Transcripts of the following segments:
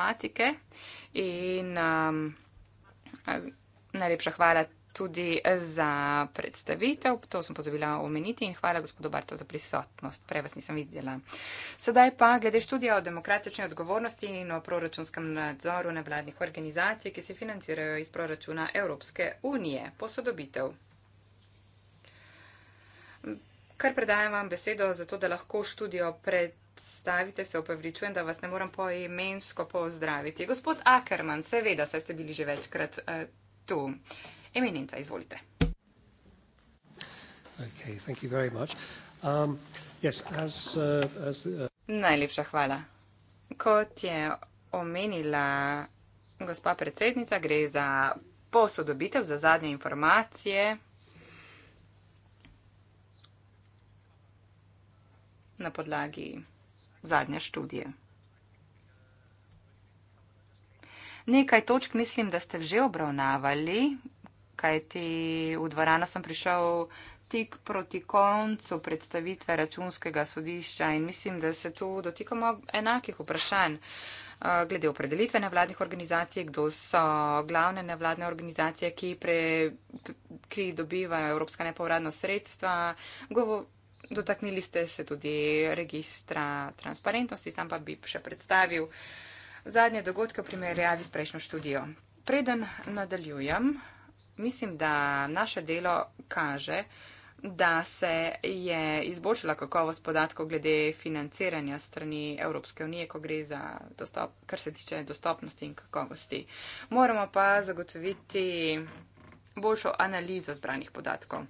tematike. In um, najlepša hvala tudi za predstavitev, to sem pozabila omeniti in hvala gospodu Bartov za prisotnost, prej vas nisem videla. Sedaj pa glede študija o demokratični odgovornosti in o proračunskem nadzoru nevladnih organizacij, ki se financirajo iz proračuna Evropske unije, posodobitev. Kar predajam vam besedo, zato da lahko študijo pred, predstavite se, upravičujem, da vas ne moram poimensko pozdraviti. Gospod Ackerman, seveda, saj ste bili že večkrat uh, tu. Eminenca, izvolite. Okay, um, yes, as, uh, as the, uh... Najlepša hvala. Kot je omenila gospa predsednica, gre za posodobitev, za zadnje informacije. Na podlagi zadnje študije. Nekaj točk mislim, da ste že obravnavali, kajti v dvorano sem prišel tik proti koncu predstavitve računskega sodišča in mislim, da se tu dotikamo enakih vprašanj eh, glede opredelitve nevladnih organizacij, kdo so glavne nevladne organizacije, ki, pre, ki dobivajo evropska nepovradna sredstva. Govo Dotaknili ste se tudi registra transparentnosti, tam pa bi še predstavil zadnje dogodke v primerjavi s prejšnjo študijo. Preden nadaljujem, mislim, da naše delo kaže, da se je izboljšala kakovost podatkov glede financiranja strani Evropske unije, ko gre za dostop, kar se tiče dostopnosti in kakovosti. Moramo pa zagotoviti boljšo analizo zbranih podatkov.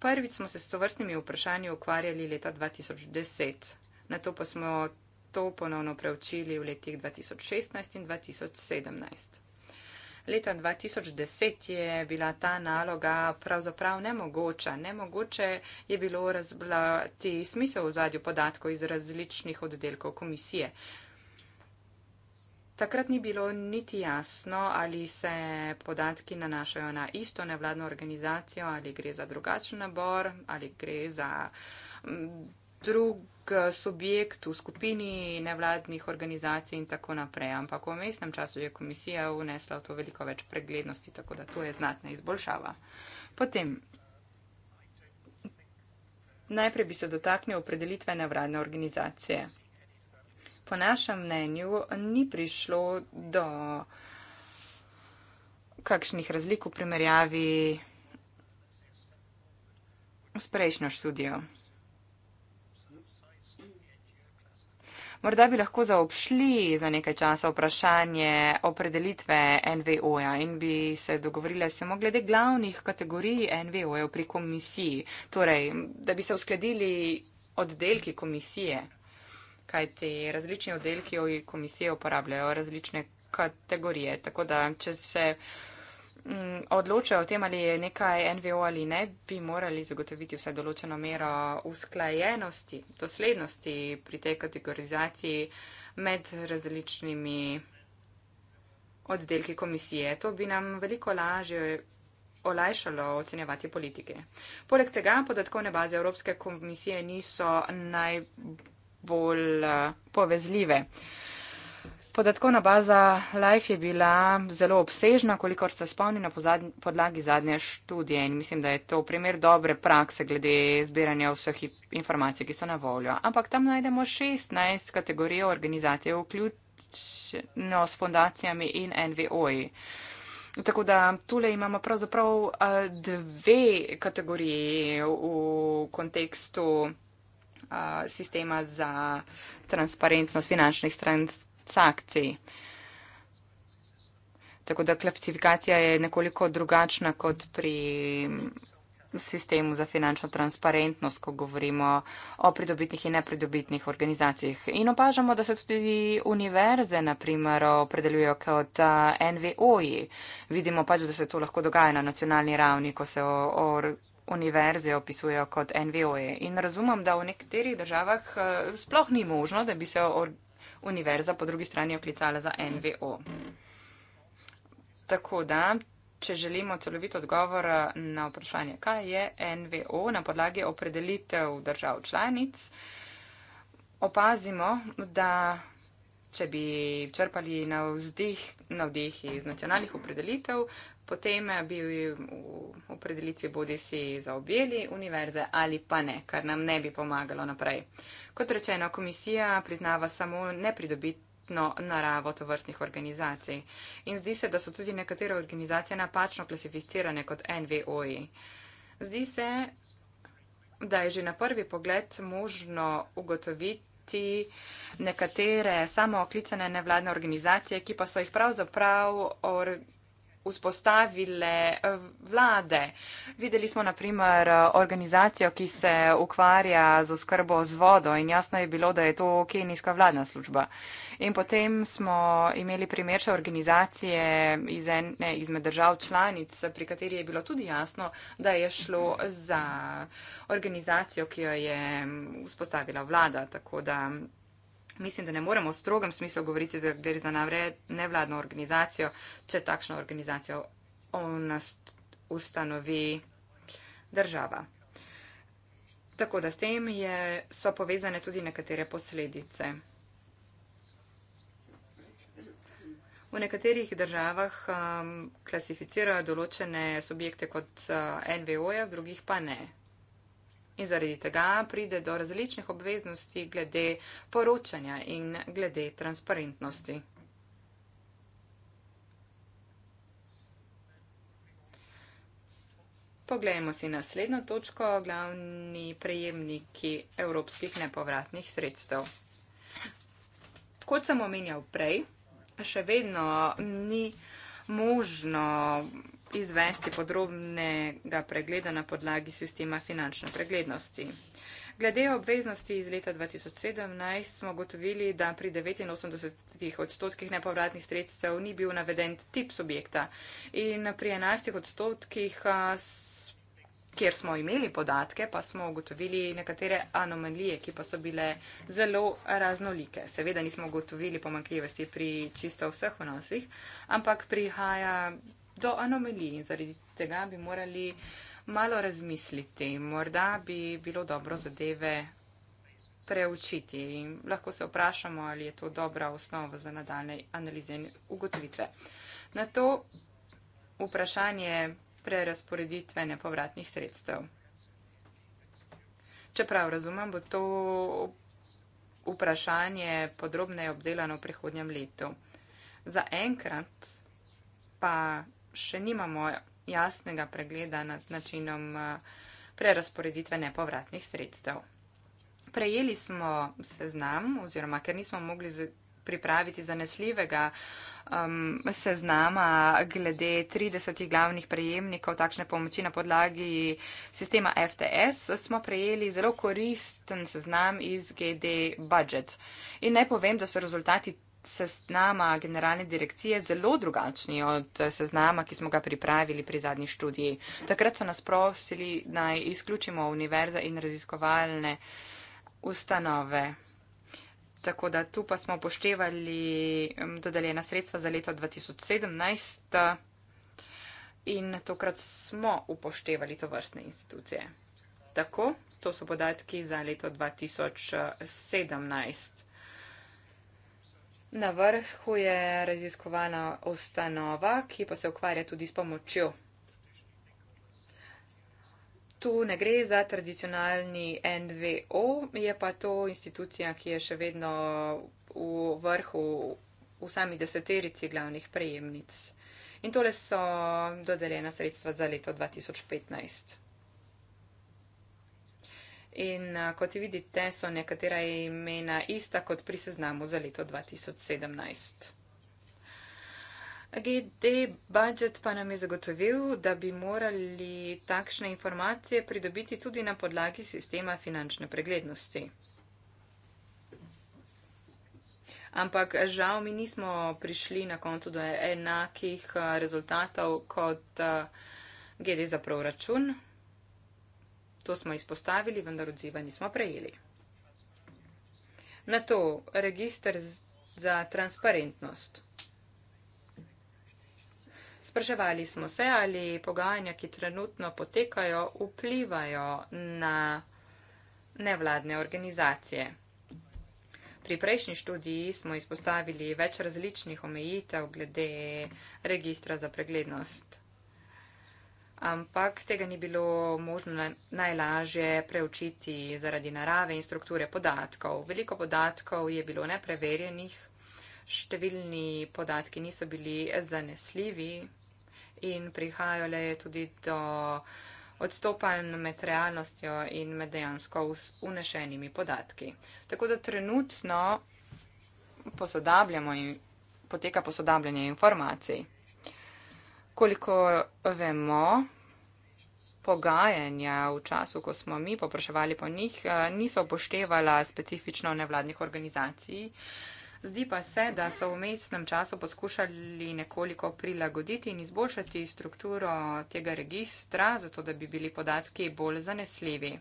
Prvič smo se s to vrstnimi vprašanji ukvarjali leta 2010, na to pa smo to ponovno preučili v letih 2016 in 2017. Leta 2010 je bila ta naloga pravzaprav nemogoča. Nemogoče je bilo razblati smisel v zadju podatkov iz različnih oddelkov komisije. Takrat ni bilo niti jasno, ali se podatki nanašajo na isto nevladno organizacijo, ali gre za drugačen nabor, ali gre za mm, drug eh, subjekt v skupini nevladnih organizacij in tako naprej. Ampak v mestnem času je komisija unesla v to veliko več preglednosti, tako da to je znatna izboljšava. Potem. Najprej bi se dotaknil opredelitve nevladne organizacije po našem mnenju ni prišlo do kakšnih razlik v primerjavi s prejšnjo študijo. Morda bi lahko zaobšli za nekaj časa vprašanje opredelitve NVO-ja in bi se dogovorila samo glede glavnih kategorij NVO-jev pri komisiji, torej, da bi se uskladili oddelki komisije kajti različni oddelki v komisiji uporabljajo različne kategorije. Tako da, če se mm, odločajo o tem, ali je nekaj NVO ali ne, bi morali zagotoviti vsaj določeno mero usklajenosti, doslednosti pri tej kategorizaciji med različnimi oddelki komisije. To bi nam veliko lažje olajšalo ocenjevati politike. Poleg tega podatkovne baze Evropske komisije niso najbolj bolj eh, povezljive. Podatkovna baza LIFE je bila zelo obsežna, kolikor ste spomnili na podlagi zadnje študije in mislim, da je to primer dobre prakse glede zbiranja vseh informacij, ki so na voljo. Ampak tam najdemo 16 kategorij organizacije, vključno s fondacijami in NVO-ji. Tako da tule imamo pravzaprav eh, dve kategoriji v kontekstu uh, sistema za transparentnost finančnih transakcij. Tako da klasifikacija je nekoliko drugačna kot pri sistemu za finančno transparentnost, ko govorimo o pridobitnih in nepridobitnih organizacijah. In opažamo, da se tudi univerze, naprimer, opredeljujejo kot NVO-ji. Vidimo pač, da se to lahko dogaja na nacionalni ravni, ko se univerze opisujejo kot NVO-je. In razumem, da v nekaterih državah eh, sploh ni možno, da bi se univerza po drugi strani oklicala za NVO. Tako da, če želimo celovit odgovor eh, na vprašanje, kaj je NVO na podlagi opredelitev držav članic, opazimo, da če bi črpali na vzdih, na vdih iz nacionalnih opredelitev, potem bi v opredelitvi bodi si zaobjeli univerze ali pa ne, kar nam ne bi pomagalo naprej. Kot rečeno, komisija priznava samo nepridobitno naravo tovrstnih organizacij in zdi se, da so tudi nekatere organizacije napačno klasificirane kot NVO-ji. Zdi se, da je že na prvi pogled možno ugotoviti, tudi nekatere samooklicane nevladne organizacije, ki pa so jih pravzaprav or, vzpostavile eh, vlade. Videli smo naprimer organizacijo, ki se ukvarja z oskrbo z vodo in jasno je bilo, da je to kenijska vladna služba. In potem smo imeli primer še organizacije iz ene izmed držav članic, pri kateri je bilo tudi jasno, da je šlo za organizacijo, ki jo je vzpostavila vlada. Tako da Mislim, da ne moremo v strogem smislu govoriti, da gre za nevladno organizacijo, če takšno organizacijo ustanovi država. Tako da s tem je, so povezane tudi nekatere posledice. V nekaterih državah um, klasificirajo določene subjekte kot uh, NVO-je, v drugih pa ne in zaradi tega pride do različnih obveznosti glede poročanja in glede transparentnosti. Poglejmo si naslednjo točko, glavni prejemniki evropskih nepovratnih sredstev. Kot sem omenjal prej, še vedno ni možno izvesti podrobnega pregleda na podlagi sistema finančne preglednosti. Glede obveznosti iz leta 2017 smo gotovili, da pri 89 odstotkih nepovratnih sredstev ni bil naveden tip subjekta in pri 11 odstotkih, kjer smo imeli podatke, pa smo ugotovili nekatere anomalije, ki pa so bile zelo raznolike. Seveda nismo ugotovili pomankljivosti pri čisto vseh vnosih, ampak prihaja do anomalij in zaradi tega bi morali malo razmisliti. Morda bi bilo dobro zadeve preučiti in lahko se vprašamo, ali je to dobra osnova za nadaljne analize in ugotovitve. Na to vprašanje prerasporeditve nepovratnih sredstev. Čeprav razumem, bo to vprašanje podrobneje obdelano v prihodnjem letu. Za enkrat pa še nimamo jasnega pregleda nad načinom eh, prerasporeditve nepovratnih sredstev. Prejeli smo seznam oziroma ker nismo mogli pripraviti zanesljivega um, seznama glede 30 glavnih prejemnikov takšne pomoči na podlagi sistema FTS, smo prejeli zelo koristen seznam iz GD Budget. In naj povem, da so rezultati seznama generalne direkcije zelo drugačni od seznama, ki smo ga pripravili pri zadnji študiji. Takrat so nas prosili, naj izključimo univerze in raziskovalne ustanove. Tako da tu pa smo upoštevali dodeljena sredstva za leto 2017 in tokrat smo upoštevali to vrstne institucije. Tako, to so podatki za leto 2017. Na vrhu je raziskovana ustanova, ki pa se ukvarja tudi s pomočjo. Tu ne gre za tradicionalni NVO, je pa to institucija, ki je še vedno v vrhu v sami deseterici glavnih prejemnic. In tole so dodeljena sredstva za leto 2015. In kot vidite, so nekatera imena ista kot pri seznamu za leto 2017. GD budget pa nam je zagotovil, da bi morali takšne informacije pridobiti tudi na podlagi sistema finančne preglednosti. Ampak žal mi nismo prišli na koncu do enakih rezultatov kot GD za proračun. To smo izpostavili, vendar odziva nismo prejeli. Na to registr za transparentnost. Spraševali smo se, ali pogajanja, ki trenutno potekajo, vplivajo na nevladne organizacije. Pri prejšnji študiji smo izpostavili več različnih omejitev glede registra za preglednost ampak tega ni bilo možno najlažje preučiti zaradi narave in strukture podatkov. Veliko podatkov je bilo nepreverjenih, številni podatki niso bili zanesljivi in prihajale je tudi do odstopan med realnostjo in med dejansko unešenimi podatki. Tako da trenutno posodabljamo in poteka posodabljanje informacij koliko vemo, pogajanja v času, ko smo mi popraševali po njih, eh, niso upoštevala specifično nevladnih organizacij. Zdi pa se, da so v mestnem času poskušali nekoliko prilagoditi in izboljšati strukturo tega registra, zato da bi bili podatki bolj zanesljivi.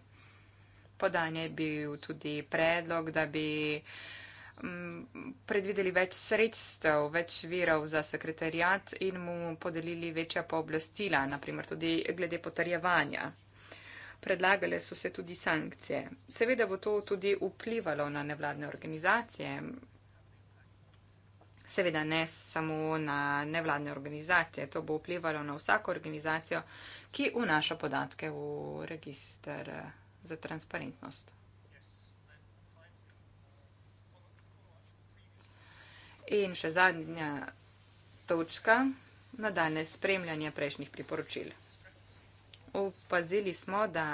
Podanje je bil tudi predlog, da bi uh, predvideli več sredstev, več virov za sekretarjat in mu podelili večja pooblastila, naprimer tudi glede potrjevanja. Predlagale so se tudi sankcije. Seveda bo to tudi vplivalo na nevladne organizacije, seveda ne samo na nevladne organizacije, to bo vplivalo na vsako organizacijo, ki vnaša podatke v registr za transparentnost. In še zadnja točka, nadaljne spremljanje prejšnjih priporočil. Upazili smo, da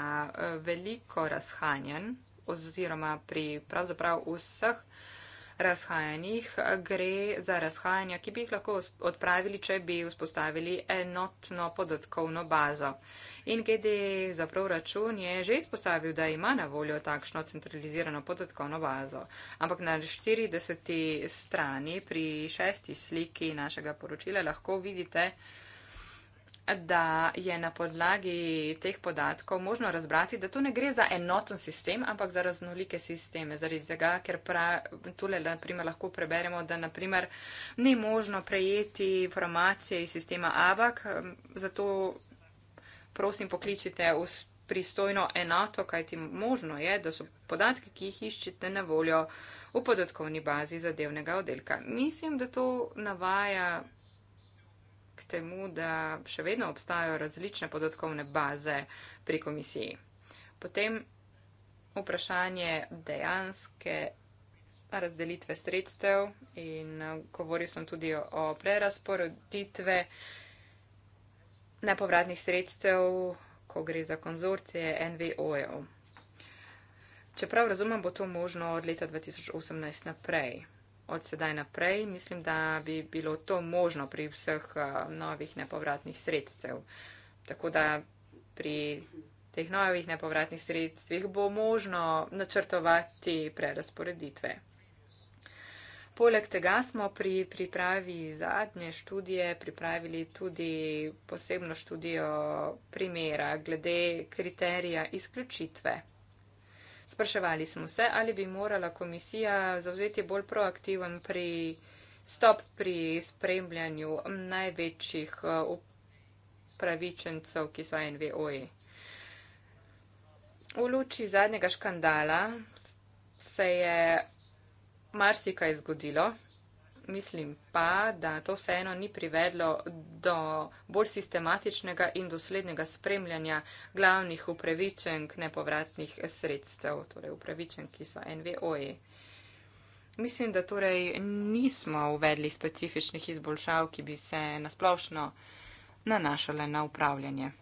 eh, veliko razhanjen oziroma pri pravzaprav vseh razhajanjih gre za razhajanja, ki bi jih lahko odpravili, če bi vzpostavili enotno podatkovno bazo. In GD e za proračun je že izpostavil, da ima na voljo takšno centralizirano podatkovno bazo. Ampak na 40. strani pri šesti sliki našega poročila lahko vidite, da je na podlagi teh podatkov možno razbrati, da tu ne gre za enoten sistem, ampak za raznolike sisteme. Zaradi tega, ker tule naprimer, lahko preberemo, da naprimer, ni možno prejeti informacije iz sistema ABAK, zato prosim pokličite v pristojno enoto, kajti možno je, da so podatki, ki jih iščete na voljo v podatkovni bazi zadevnega oddelka. Mislim, da to navaja temu, da še vedno obstajajo različne podatkovne baze pri komisiji. Potem vprašanje dejanske razdelitve sredstev in eh, govoril sem tudi o prerasporoditve nepovratnih sredstev, ko gre za konzorcije NVO-jev. Čeprav razumem, bo to možno od leta 2018 naprej od sedaj naprej, mislim, da bi bilo to možno pri vseh eh, novih nepovratnih sredstev. Tako da pri teh novih nepovratnih sredstvih bo možno načrtovati prerasporeditve. Poleg tega smo pri pripravi zadnje študije pripravili tudi posebno študijo primera glede kriterija izključitve. Spraševali smo se, ali bi morala komisija zauzeti bolj proaktiven pri stop pri spremljanju največjih uh, upravičencev, ki so NVO-ji. V luči zadnjega škandala se je marsikaj zgodilo. Mislim pa, da to vseeno ni privedlo do bolj sistematičnega in doslednega spremljanja glavnih upravičenk nepovratnih sredstev, torej upravičenk, ki so NVO-ji. Mislim, da torej nismo uvedli specifičnih izboljšav, ki bi se nasplošno nanašale na upravljanje.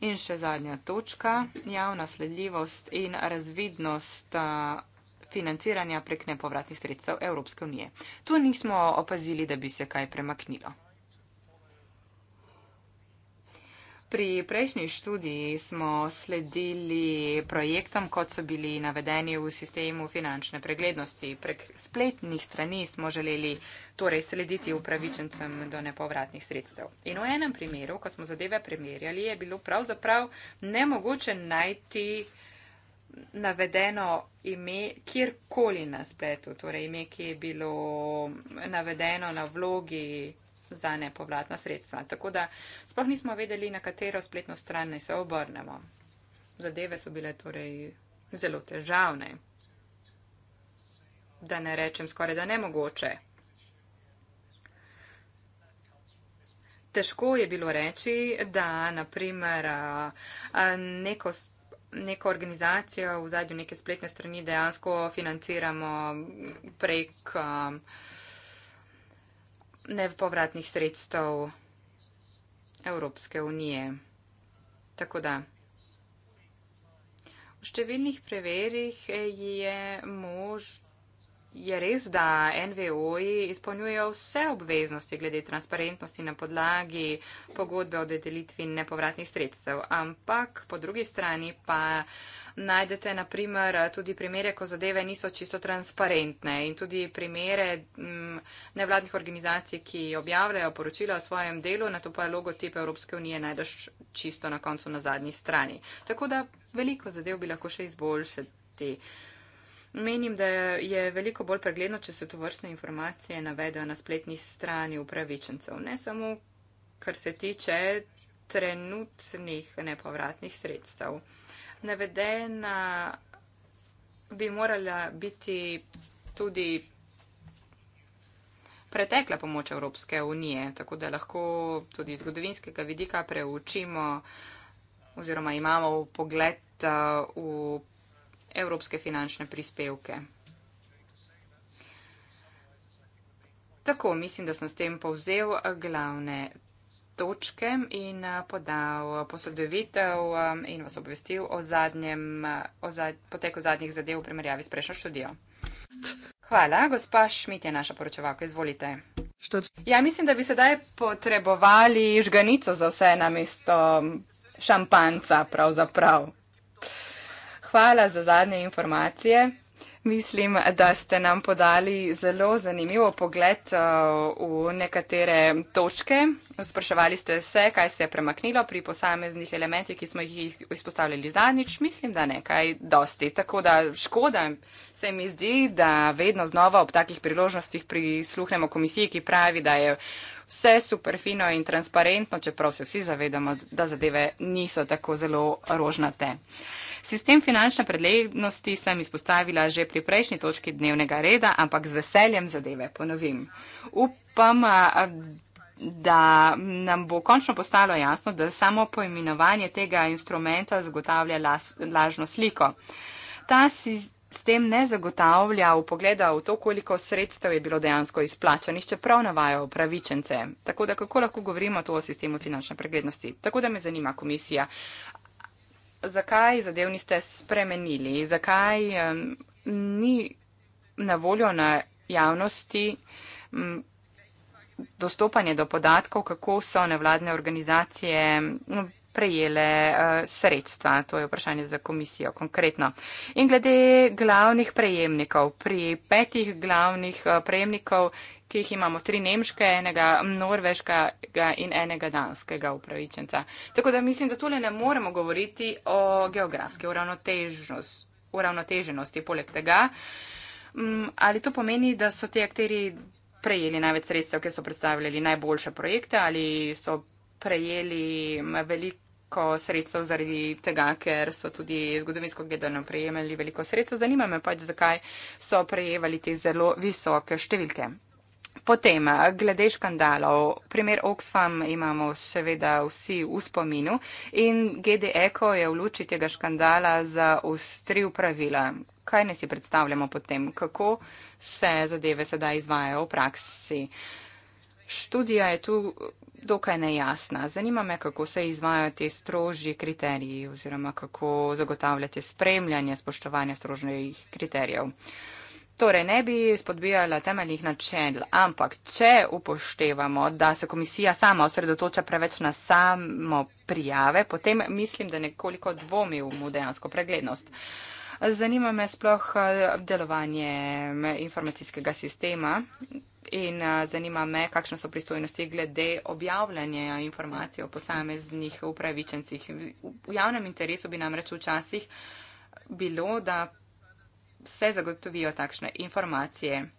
In še zadnja točka, javna sledljivost in razvidnost financiranja prek nepovratnih sredstev Evropske unije. Tu nismo opazili, da bi se kaj premaknilo. Pri prejšnji študiji smo sledili projektom, kot so bili navedeni v sistemu finančne preglednosti. Prek spletnih strani smo želeli torej slediti upravičencem do nepovratnih sredstev. In v enem primeru, ko smo zadeve primerjali, je bilo pravzaprav nemogoče najti navedeno ime kjerkoli na spletu, torej ime, ki je bilo navedeno na vlogi za nepovratna sredstva. Tako da sploh nismo vedeli, na katero spletno stran se obrnemo. Zadeve so bile torej zelo težavne, da ne rečem skoraj da nemogoče. Težko je bilo reči, da naprimer neko spletno stran neko organizacijo, v zadju neke spletne strani dejansko financiramo prek um, nepovratnih sredstev Evropske unije. Tako da. V številnih preverjih je možno. Je res, da NVO-ji izpolnjujejo vse obveznosti glede transparentnosti na podlagi pogodbe o dedelitvi nepovratnih sredstev, ampak po drugi strani pa najdete naprimer tudi primere, ko zadeve niso čisto transparentne in tudi primere mm, nevladnih organizacij, ki objavljajo poročila o svojem delu, na to pa logotip Evropske unije najdeš čisto na koncu na zadnji strani. Tako da veliko zadev bi lahko še izboljšati. Menim, da je veliko bolj pregledno, če se to vrstne informacije navedajo na spletni strani upravičencev, ne samo kar se tiče trenutnih nepovratnih sredstev. Navedena bi morala biti tudi pretekla pomoč Evropske unije, tako da lahko tudi iz zgodovinskega vidika preučimo oziroma imamo pogled uh, v evropske finančne prispevke. Tako, mislim, da sem s tem povzel eh, glavne točke in eh, podal eh, posodovitev in vas obvestil o, zadnjem, o zad, poteku zadnjih zadev v primerjavi s prejšnjo študijo. Hvala, gospa Šmit je naša poročevalka, izvolite. Ja, mislim, da bi sedaj potrebovali žganico za vse na mesto mm, šampanca, pravzaprav. Prav. Hvala za zadnje informacije. Mislim, da ste nam podali zelo zanimivo pogled eh, v nekatere točke. Spraševali ste se, kaj se je premaknilo pri posameznih elementih, ki smo jih izpostavljali zadnjič. Mislim, da nekaj dosti. Tako da škoda se mi zdi, da vedno znova ob takih priložnostih prisluhnemo komisiji, ki pravi, da je vse super fino in transparentno, čeprav se vsi zavedamo, da zadeve niso tako zelo rožnate. Sistem finančne preglednosti sem izpostavila že pri prejšnji točki dnevnega reda, ampak z veseljem zadeve ponovim. Upam, da nam bo končno postalo jasno, da samo poimenovanje tega instrumenta zagotavlja las, lažno sliko. Ta sistem ne zagotavlja v pogleda v to, koliko sredstev je bilo dejansko izplačanih, čeprav navajo upravičence. Tako da kako lahko govorimo to o sistemu finančne preglednosti? Tako da me zanima komisija, zakaj zadev niste spremenili, zakaj um, ni na voljo na javnosti um, dostopanje do podatkov, kako so nevladne organizacije um, prejele uh, sredstva. To je vprašanje za komisijo konkretno. In glede glavnih prejemnikov, pri petih glavnih uh, prejemnikov ki jih imamo, tri nemške, enega norveškega in enega danskega upravičenca. Tako da mislim, da tule ne moremo govoriti o geografski uravnoteženosti. Poleg tega, mm, ali to pomeni, da so ti akteri prejeli največ sredstev, ker so predstavljali najboljše projekte ali so prejeli mm, veliko. Sredstev zaradi tega, ker so tudi zgodovinsko gledano prejemali veliko sredstev. Zanima me pač, zakaj so prejevali te zelo visoke številke. Potem, glede škandalov, primer Oxfam imamo seveda vsi v spominu in GD Eko je v luči tega škandala zaustril pravila. Kaj ne si predstavljamo potem, kako se zadeve sedaj izvajajo v praksi? Študija je tu dokaj nejasna. Zanima me, kako se izvajajo te strožji kriteriji oziroma kako zagotavljate spremljanje spoštovanja strožjih kriterijev. Torej, ne bi spodbijala temeljnih načel, ampak če upoštevamo, da se komisija sama osredotoča preveč na samo prijave, potem mislim, da nekoliko dvomi v dejansko preglednost. Zanima me sploh eh, delovanje eh, informacijskega sistema in eh, zanima me, kakšne so pristojnosti glede objavljanja informacij o posameznih upravičencih. V javnem interesu bi namreč včasih bilo, da se zagotovijo takšne informacije.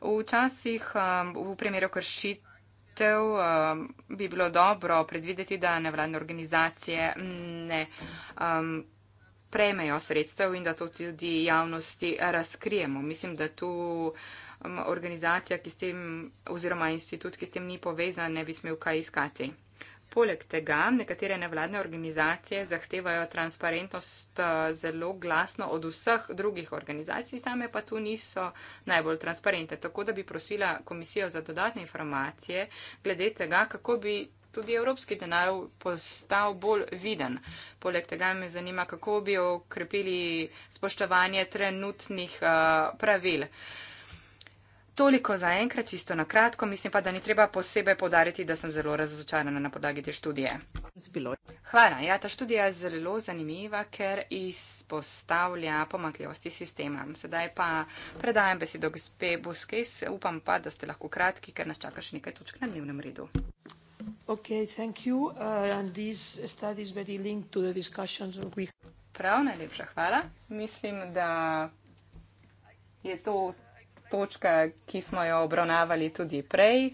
Včasih um, v primeru kršitev um, bi bilo dobro predvideti, da nevladne organizacije mm, ne um, prejmejo sredstev in da to tudi javnosti razkrijemo. Mislim, da tu organizacija, ki s tem oziroma institut, ki s tem ni povezan, ne bi smel kaj iskati. Poleg tega nekatere nevladne organizacije zahtevajo transparentnost eh, zelo glasno od vseh drugih organizacij, same pa tu niso najbolj transparente. Tako da bi prosila komisijo za dodatne informacije glede tega, kako bi tudi evropski denar postal bolj viden. Poleg tega me zanima, kako bi okrepili spoštovanje trenutnih uh, pravil. Uh, Toliko za enkrat, čisto na kratko. Mislim pa, da ni treba posebej podariti, da sem zelo razočarana na podlagi te študije. Hvala. Ja, ta študija je zelo zanimiva, ker izpostavlja pomakljivosti sistema. Sedaj pa predajam besedo gospe Buskes. Upam pa, da ste lahko kratki, ker nas čaka še nekaj točk na dnevnem redu. Okay, uh, Prav najlepša hvala. Mislim, da je to točka, ki smo jo obravnavali tudi prej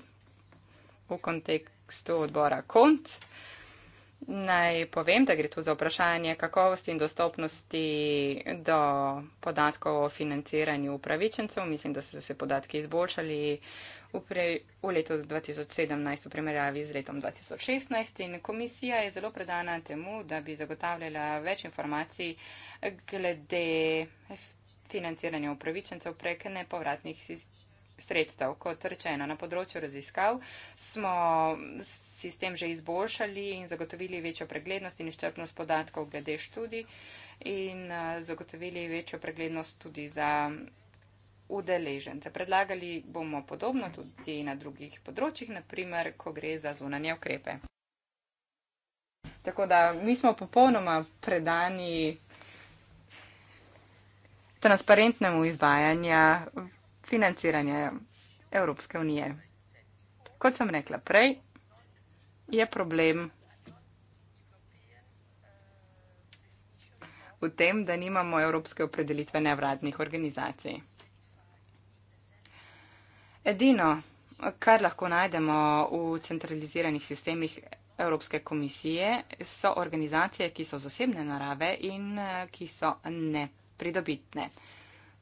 v kontekstu odbora KONT. Naj povem, da gre tu za vprašanje kakovosti in dostopnosti do podatkov o financiranju upravičencev. Mislim, da so se podatki izboljšali v, pre, v letu 2017 v primerjavi z letom 2016 in komisija je zelo predana temu, da bi zagotavljala več informacij glede financiranju upravičencev prek nepovratnih sredstev. Kot rečeno, na področju raziskav smo sistem že izboljšali in zagotovili večjo preglednost in izčrpnost podatkov glede študij in eh, zagotovili večjo preglednost tudi za udeležence. Predlagali bomo podobno tudi na drugih področjih, naprimer, ko gre za zunanje ukrepe. Tako da mi smo popolnoma predani transparentnemu izvajanju financiranja Evropske unije. Kot sem rekla prej, je problem v tem, da nimamo evropske opredelitve nevladnih organizacij. Edino, kar lahko najdemo v centraliziranih sistemih Evropske komisije, so organizacije, ki so zasebne narave in eh, ki so ne pridobitne.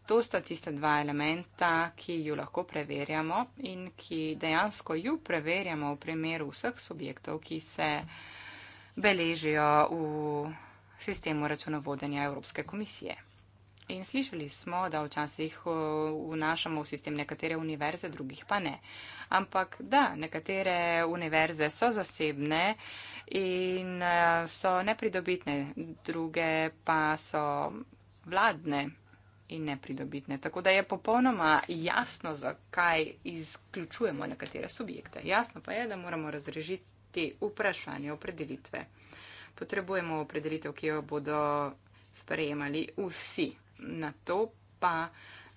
To sta tista dva elementa, ki ju lahko preverjamo in ki dejansko ju preverjamo v primeru vseh subjektov, ki se beležijo v sistemu računovodenja Evropske komisije. In slišali smo, da včasih vnašamo v sistem nekatere univerze, drugih pa ne. Ampak da, nekatere univerze so zasebne in e, so nepridobitne, druge pa so vladne in nepridobitne. Tako da je popolnoma jasno, zakaj izključujemo nekatere subjekte. Jasno pa je, da moramo razrežiti vprašanje opredelitve. Potrebujemo opredelitev, ki jo bodo sprejemali vsi. Na to pa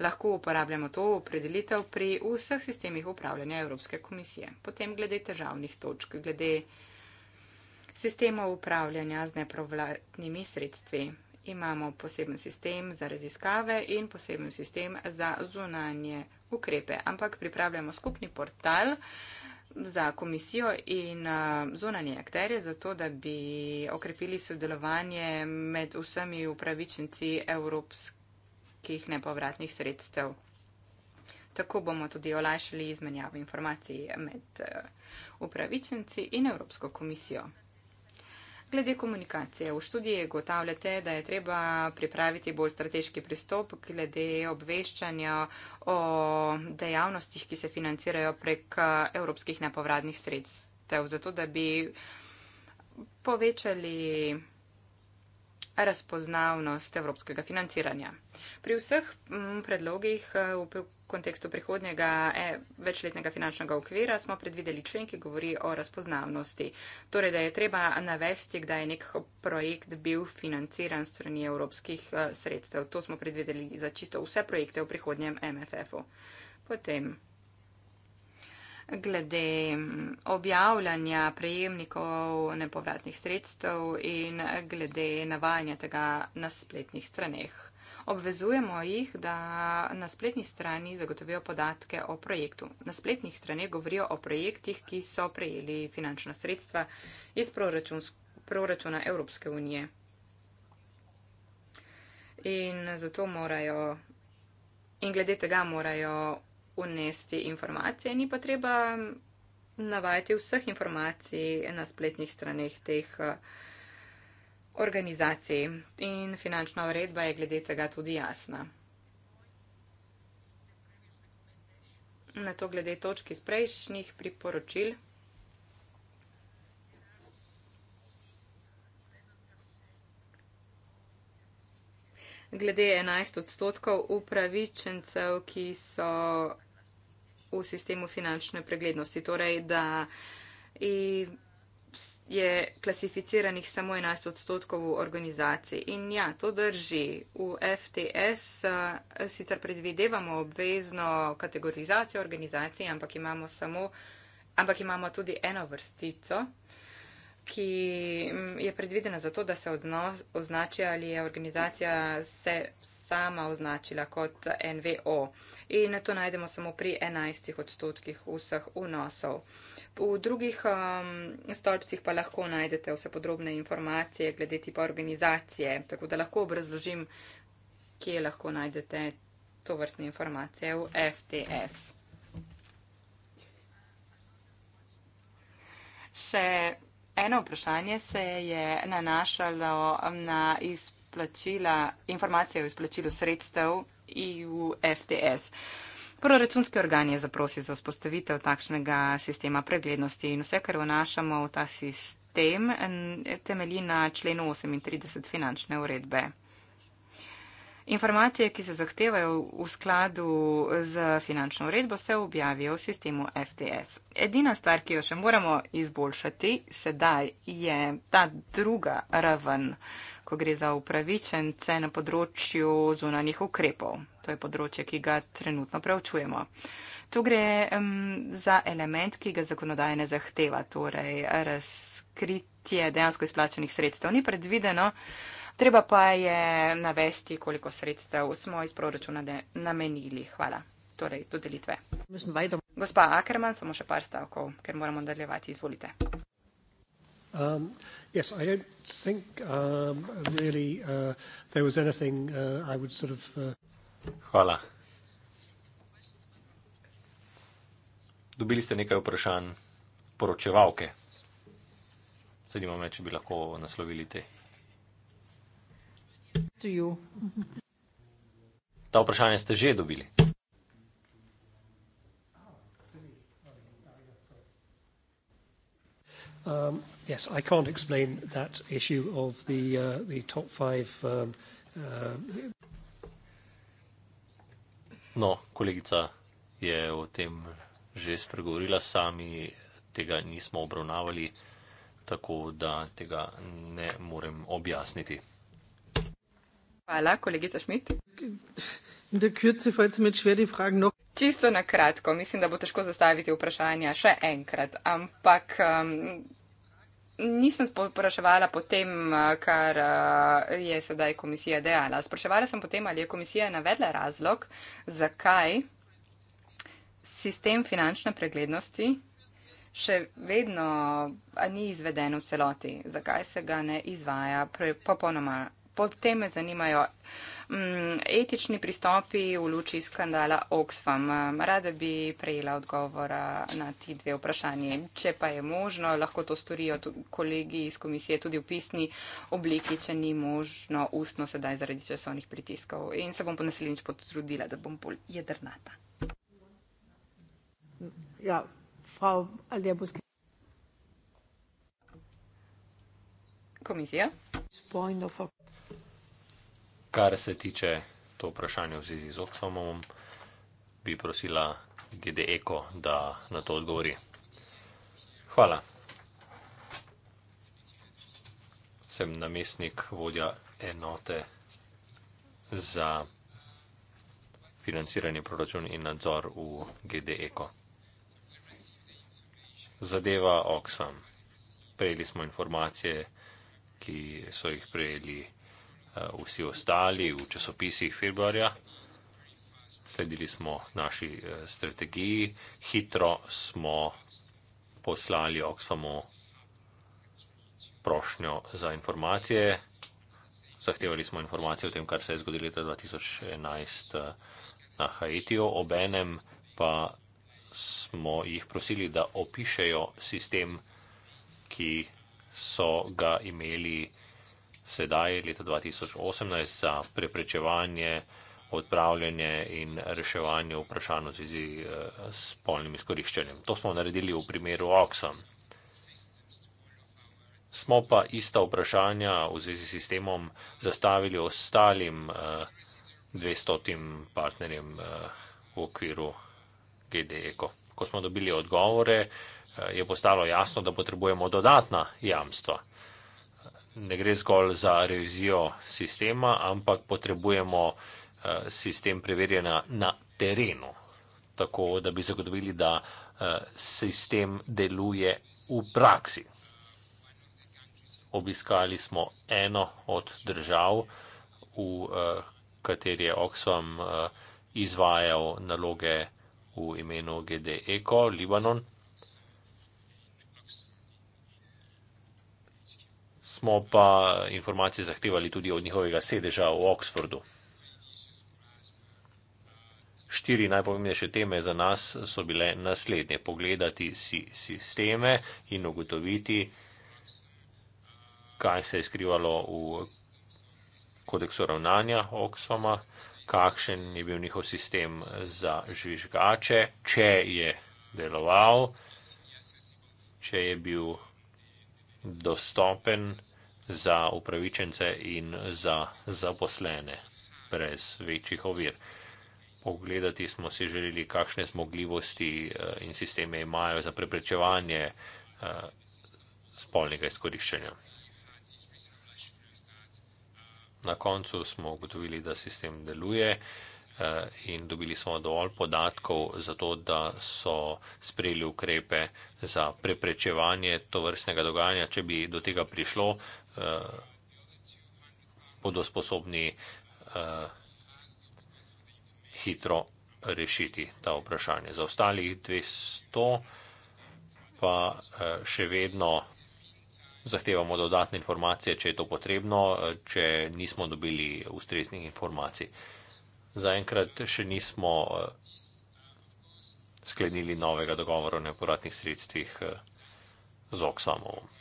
lahko uporabljamo to opredelitev pri vseh sistemih upravljanja Evropske komisije. Potem glede težavnih točk, glede sistemov upravljanja z neprovladnimi sredstvi, imamo poseben sistem za raziskave in poseben sistem za zunanje ukrepe, ampak pripravljamo skupni portal za komisijo in zunanje akterje, zato da bi okrepili sodelovanje med vsemi upravičenci evropskih nepovratnih sredstev. Tako bomo tudi olajšali izmenjavo informacij med upravičenci in Evropsko komisijo. Glede komunikacije. V študiji ugotavljate, da je treba pripraviti bolj strateški pristop glede obveščanja o dejavnostih, ki se financirajo prek evropskih nepovratnih sredstev, zato da bi povečali razpoznavnost evropskega financiranja. Pri vseh mm, predlogih eh, v kontekstu prihodnjega eh, večletnega finančnega okvira smo predvideli člen, ki govori o razpoznavnosti. Torej, da je treba navesti, kdaj je nek projekt bil financiran strani evropskih eh, sredstev. To smo predvideli za čisto vse projekte v prihodnjem MFF-u. Potem glede objavljanja prejemnikov nepovratnih sredstev in glede navajanja tega na spletnih straneh. Obvezujemo jih, da na spletni strani zagotovijo podatke o projektu. Na spletnih straneh govorijo o projektih, ki so prejeli finančna sredstva iz proračuna Evropske unije. In zato morajo. In glede tega morajo unesti informacije, ni pa treba mm, navajati vseh informacij na spletnih straneh teh eh, organizacij. In finančna uredba je glede tega tudi jasna. Na to glede točki iz prejšnjih priporočil. glede 11 odstotkov upravičencev, ki so v sistemu finančne preglednosti. Torej, da je klasificiranih samo 11 odstotkov v organizaciji. In ja, to drži. V FTS eh, sicer predvidevamo obvezno kategorizacijo organizacij, ampak imamo, samo, ampak imamo tudi eno vrstico ki mm, je predvidena za to, da se odnos, označi ali je organizacija se sama označila kot NVO. In to najdemo samo pri 11 odstotkih vseh vnosov. V drugih um, stolpcih pa lahko najdete vse podrobne informacije glede tipa organizacije, tako da lahko obrazložim, kje lahko najdete to vrstne informacije v FTS. Še Eno vprašanje se je nanašalo na izplačila, informacije o izplačilu sredstev EU FTS. Proračunski organ je zaprosil za vzpostavitev takšnega sistema preglednosti in vse, kar vnašamo v ta sistem, temelji na členu 38 finančne uredbe. Informacije, ki se zahtevajo v skladu z finančno uredbo, se objavijo v sistemu FTS. Edina stvar, ki jo še moramo izboljšati sedaj, je ta druga raven, ko gre za upravičence na področju zunanih ukrepov. To je področje, ki ga trenutno preučujemo. Tu gre um, za element, ki ga zakonodaje ne zahteva, torej razkritje dejansko izplačenih sredstev. Ni predvideno, Treba pa je navesti, koliko sredstev smo iz proračuna namenili. Hvala. Torej, do delitve. Gospa Ackerman, samo še par stavkov, ker moramo nadaljevati. Izvolite. Um, yes, I don't think um, really uh, there was anything uh, I would sort of. Uh... Hvala. Dobili ste nekaj vprašanj poročevalke. Sedimo me, če bi lahko naslovili te. Uh, Ta vprašanja ste že dobili. Um, yes, I can't explain that issue of the uh, the top five. Um, uh... No, kolegica je o tem že spregovorila, sami tega nismo obravnavali, tako da tega ne morem objasniti. Hvala, kolegica Šmit. Čisto na kratko, mislim, da bo težko zastaviti vprašanja še enkrat, ampak um, nisem spraševala po tem, uh, kar uh, je sedaj komisija dejala. Spraševala sem po tem, ali je komisija navedla razlog, zakaj sistem finančne preglednosti še vedno ni izveden v celoti, zakaj se ga ne izvaja popolnoma potem me zanimajo m, mm, etični pristopi v luči skandala Oxfam. Mm, rada bi prejela odgovora na ti dve vprašanje. Če pa je možno, lahko to storijo kolegi iz komisije tudi v pisni obliki, če ni možno ustno sedaj zaradi časovnih pritiskov. In se bom po naslednjič potrudila, da bom bolj jedrnata. Ja, Frau Aljabuski. Komisija. Point of a kar se tiče to vprašanje v zvezi z Oxfamom, bi prosila GDE Eko, da na to odgovori. Hvala. Sem namestnik vodja enote za financiranje proračun in nadzor v GDE Eko. Zadeva Oxfam. Prejeli smo informacije, ki so jih prejeli. Eh, vsi ostali v časopisih februarja. Sledili smo naši eh, strategiji, hitro smo poslali Oxfamu prošnjo za informacije. Zahtevali smo informacije o tem, kar se je zgodilo leta 2011 eh, na Haitiju, obenem pa smo jih prosili, da opišejo sistem, ki so ga imeli sedaj, leta 2018, za preprečevanje, odpravljanje in reševanje vprašanj v zvezi eh, s polnim izkoriščanjem. To smo naredili v primeru Oxfam. Smo pa ista vprašanja v zvezi s sistemom zastavili ostalim 200 eh, partnerjem eh, v okviru GDEKO. Ko smo dobili odgovore, je postalo jasno, da potrebujemo dodatna jamstva ne gre zgolj za revizijo sistema, ampak potrebujemo eh, sistem preverjanja na terenu, tako da bi zagotovili, da eh, sistem deluje v praksi. Obiskali smo eno od držav, v eh, kateri je Oxfam izvajal naloge v imenu GDECO, Libanon. smo pa informacije zahtevali tudi od njihovega sedeža v Oxfordu. Štiri najpomembnejše teme za nas so bile naslednje. Pogledati si sisteme in ugotoviti, kaj se je skrivalo v kodeksu ravnanja Oxfama, kakšen je bil njihov sistem za žvižgače, če je deloval, če je bil dostopen za upravičence in za zaposlene brez večjih ovir. Pogledati smo si želeli, kakšne zmogljivosti eh, in sisteme imajo za preprečevanje eh, spolnega izkoriščanja. Na koncu smo ugotovili, da sistem deluje eh, in dobili smo dovolj podatkov za to, da so sprejeli ukrepe za preprečevanje to vrstnega dogajanja, če bi do tega prišlo. Eh, bodo sposobni eh, hitro rešiti ta vprašanje. Za ostalih 200 pa eh, še vedno zahtevamo dodatne informacije, če je to potrebno, če nismo dobili ustreznih informacij. Zaenkrat še nismo sklenili novega dogovora o neporatnih sredstvih z Oksamovom.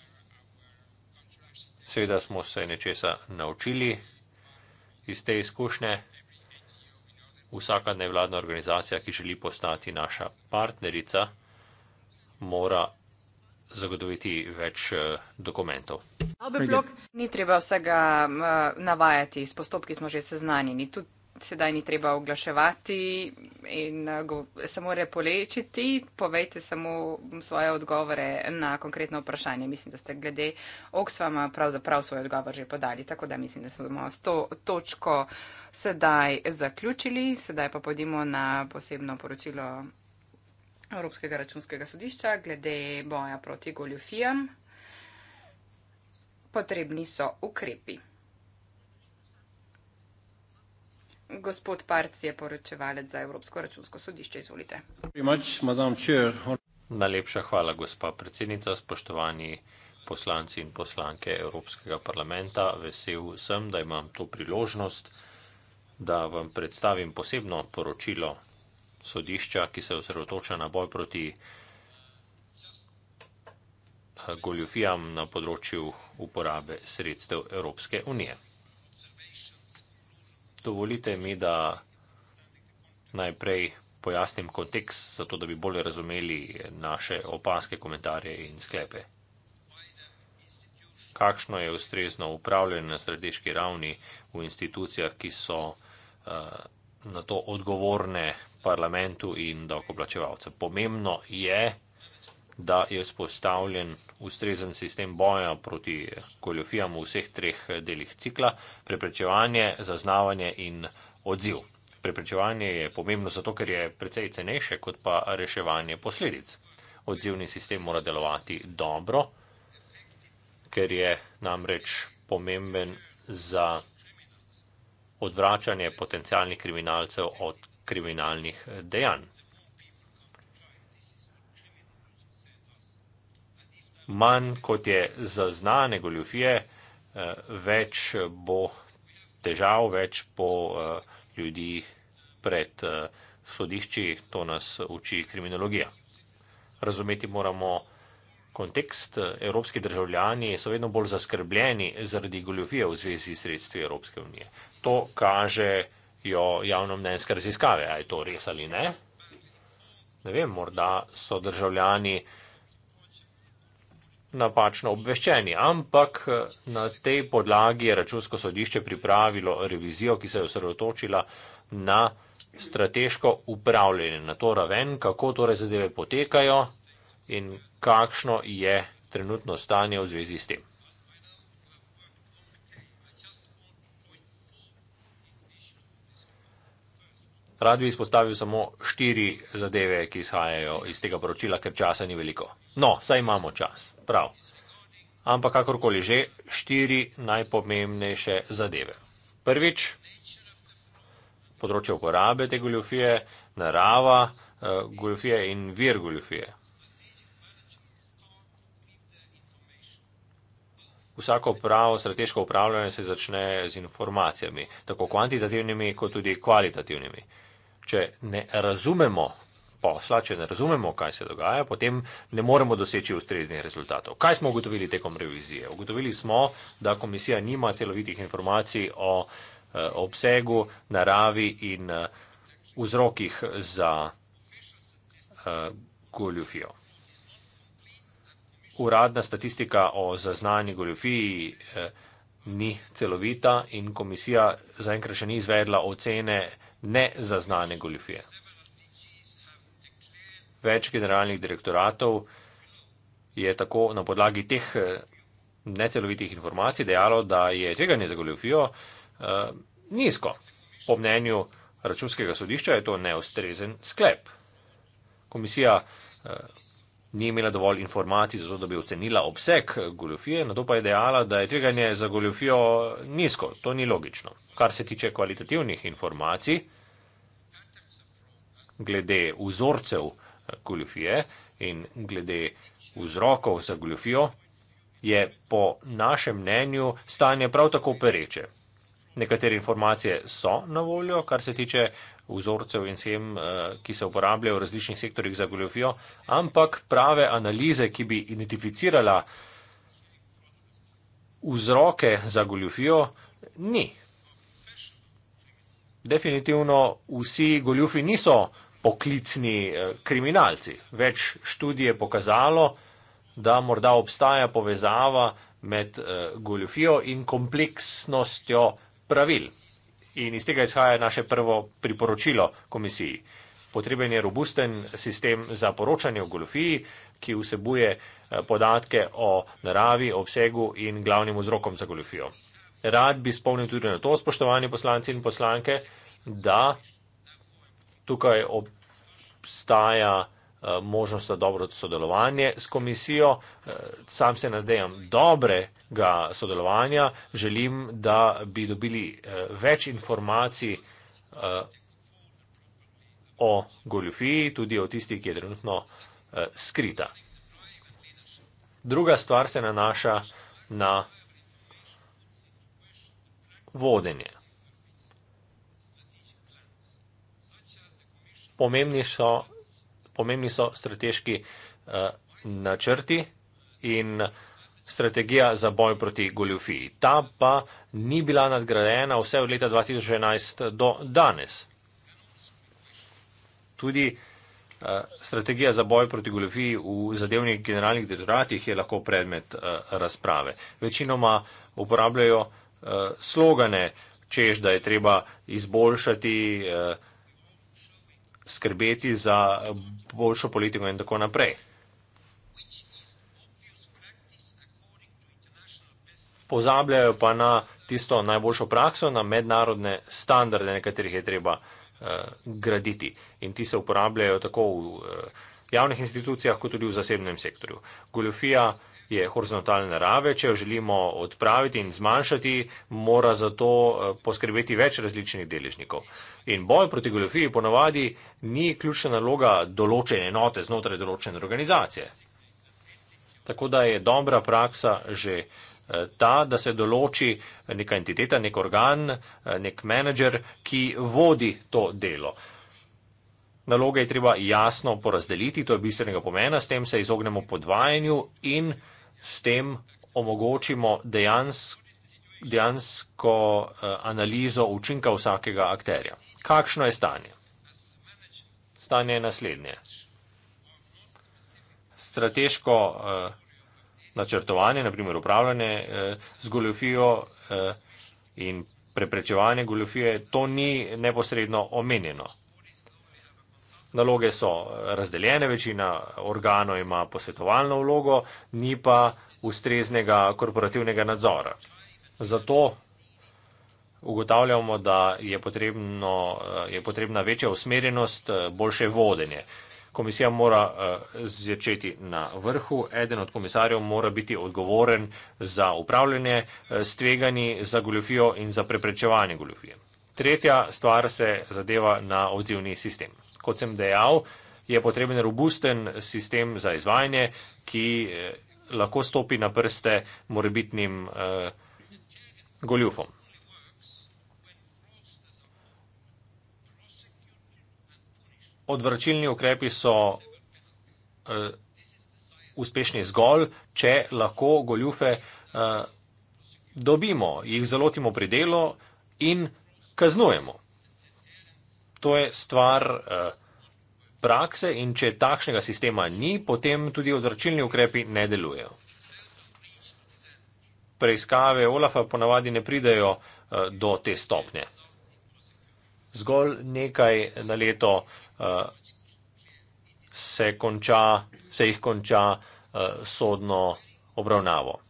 Seveda smo se nečesa naučili iz te izkušnje. Vsaka nevladna organizacija, ki želi postati naša partnerica, mora zagotoviti več eh, dokumentov. Albert Blok, ni treba vsega eh, navajati, s postopki smo že seznanjeni. Tudi sedaj ni treba oglaševati in eh, samo repolečiti. Povejte samo svoje odgovore na konkretno vprašanje. Mislim, da ste glede Oksvama pravzaprav svoj odgovor že podali. Tako da mislim, da smo s to točko sedaj zaključili. Sedaj pa pojdimo na posebno poročilo Evropskega računskega sodišča glede boja proti goljufijam. Potrebni so ukrepi. Gospod Parc je poročevalec za Evropsko računsko sodišče. Izvolite. Najlepša hvala, gospa predsednica, spoštovani poslanci in poslanke Evropskega parlamenta. Vesel sem, da imam to priložnost, da vam predstavim posebno poročilo sodišča, ki se osredotoča na boj proti eh, goljufijam na področju uporabe sredstev Evropske unije. Dovolite mi, da najprej pojasnim kontekst, zato da bi bolje razumeli naše opaske, komentarje in sklepe. Kakšno je ustrezno upravljanje na strateški ravni v institucijah, ki so uh, na to odgovorne parlamentu in davkoplačevalcem? Pomembno je, da je spostavljen ustrezen sistem boja proti goljofijam v vseh treh delih cikla - preprečevanje, zaznavanje in odziv. Preprečevanje je pomembno zato, ker je precej cenejše kot pa reševanje posledic. Odzivni sistem mora delovati dobro, ker je namreč pomemben za odvračanje potencijalnih kriminalcev od kriminalnih dejanj. manj kot je zaznane goljofije, eh, več bo težav, več bo eh, ljudi pred eh, sodišči, to nas uči kriminologija. Razumeti moramo kontekst, evropski državljani so vedno bolj zaskrbljeni zaradi goljofije v zvezi s sredstvi Evropske unije. To kažejo javno mnenjske raziskave, a je to res ali ne? Ne vem, morda so državljani uh, napačno obveščeni, ampak eh, na tej podlagi je računsko sodišče pripravilo revizijo, ki se je osredotočila na strateško upravljanje, na to raven, kako torej zadeve potekajo in kakšno je trenutno stanje v zvezi s tem. Rad bi izpostavil samo štiri zadeve, ki izhajajo iz tega poročila, ker časa ni veliko. No, saj imamo čas, prav. Ampak kakorkoli že, štiri najpomembnejše zadeve. Prvič, področje uporabe te goljofije, narava eh, goljofije in vir goljofije. Vsako pravo strateško upravljanje se začne z informacijami, tako kvantitativnimi kot tudi kvalitativnimi če ne razumemo posla, če ne razumemo, kaj se dogaja, potem ne moremo doseči ustreznih rezultatov. Kaj smo ugotovili tekom revizije? Ugotovili smo, da komisija nima celovitih informacij o eh, obsegu, naravi in eh, vzrokih za eh, goljufijo. Uradna statistika o zaznani goljufiji ni celovita in komisija zaenkrat še ni izvedla ocene nezaznane goljufije. Več generalnih direktoratov je tako na podlagi teh eh, necelovitih informacij dejalo, da je tveganje za goljufijo eh, nizko. Po mnenju računskega sodišča je to neustrezen sklep. Komisija eh, ni imela dovolj informacij za to, da bi ocenila obseg goljofije, na to pa je dejala, da je tveganje za goljofijo nizko, to ni logično. Kar se tiče kvalitativnih informacij, glede vzorcev goljofije in glede vzrokov za goljofijo, je po našem mnenju stanje prav tako pereče. Nekatere informacije so na voljo, kar se tiče vzorcev in schem, eh, ki se uporabljajo v različnih sektorjih za goljofijo, ampak prave analize, ki bi identificirala vzroke za goljofijo, ni. Definitivno vsi goljufi niso poklicni eh, kriminalci. Več študij je pokazalo, da morda obstaja povezava med eh, goljufijo in kompleksnostjo pravil in iz tega izhaja naše prvo priporočilo komisiji. Potreben je robusten sistem za poročanje o golfiji, ki vsebuje eh, podatke o naravi, obsegu in glavnim vzrokom za golfijo. Rad bi spomnil tudi na to, spoštovani poslanci in poslanke, da tukaj obstaja. Eh, možnost za dobro sodelovanje s komisijo. Eh, sam se nadejam dobrega sodelovanja, želim, da bi dobili eh, več informacij o goljufiji, tudi o tisti, ki je trenutno skrita. Druga stvar se nanaša na vodenje. Pomembni so pomembni so strateški eh, načrti in strategija za boj proti goljufiji. Ta pa ni bila nadgrajena vse od leta 2011 do danes. Tudi eh, strategija za boj proti goljufiji v zadevnih generalnih direktoratih je lahko predmet eh, razprave. Večinoma uporabljajo slogane, čež, da je treba izboljšati vsega, skrbeti za boljšo politiko in tako naprej. Pozabljajo pa na tisto najboljšo prakso, na mednarodne standarde, na katerih je treba uh, graditi. In ti se uporabljajo tako v uh, javnih institucijah, kot tudi v zasebnem sektorju. Goljofija uh, je horizontalne narave. Če jo želimo odpraviti in zmanjšati, mora za to eh, poskrbeti več različnih deležnikov. In boj proti goljofiji ponavadi ni ključna naloga določene enote znotraj določene organizacije. Tako da je dobra praksa že eh, ta, da se določi neka entiteta, nek organ, eh, nek menedžer, ki vodi to delo. Naloge je treba jasno porazdeliti, to je bistvenega pomena, s tem se izognemo podvajanju in s tem omogočimo dejansko, dejansko eh, analizo učinka vsakega akterja. Kakšno je stanje? Stanje je naslednje. Strateško eh, načrtovanje, naprimer upravljanje eh, z goljofijo in preprečevanje goljofije, to ni neposredno omenjeno. Naloge so razdeljene, večina organov ima posvetovalno vlogo, ni pa ustreznega korporativnega nadzora. Zato ugotavljamo, da je, potrebno, eh, je potrebna večja usmerjenost, eh, boljše vodenje. Komisija mora eh, začeti na vrhu, eden od komisarjev mora biti odgovoren za upravljanje s tveganji za goljofijo in za preprečevanje goljofije. Tretja stvar se zadeva na odzivni sistem kot sem dejal, je potreben robusten sistem za izvajanje, ki eh, lahko stopi na prste morebitnim uh, goljufom. Odvračilni ukrepi so uh, uspešni zgolj, če lahko goljufe uh, dobimo, jih zalotimo pri delu in kaznujemo to je stvar eh, prakse in če takšnega sistema ni, potem tudi odzračilni ukrepi ne delujejo. Preiskave OLAF-a ponavadi ne pridejo eh, do te stopnje. Zgolj nekaj na leto eh, se jih konča sodno obravnavo.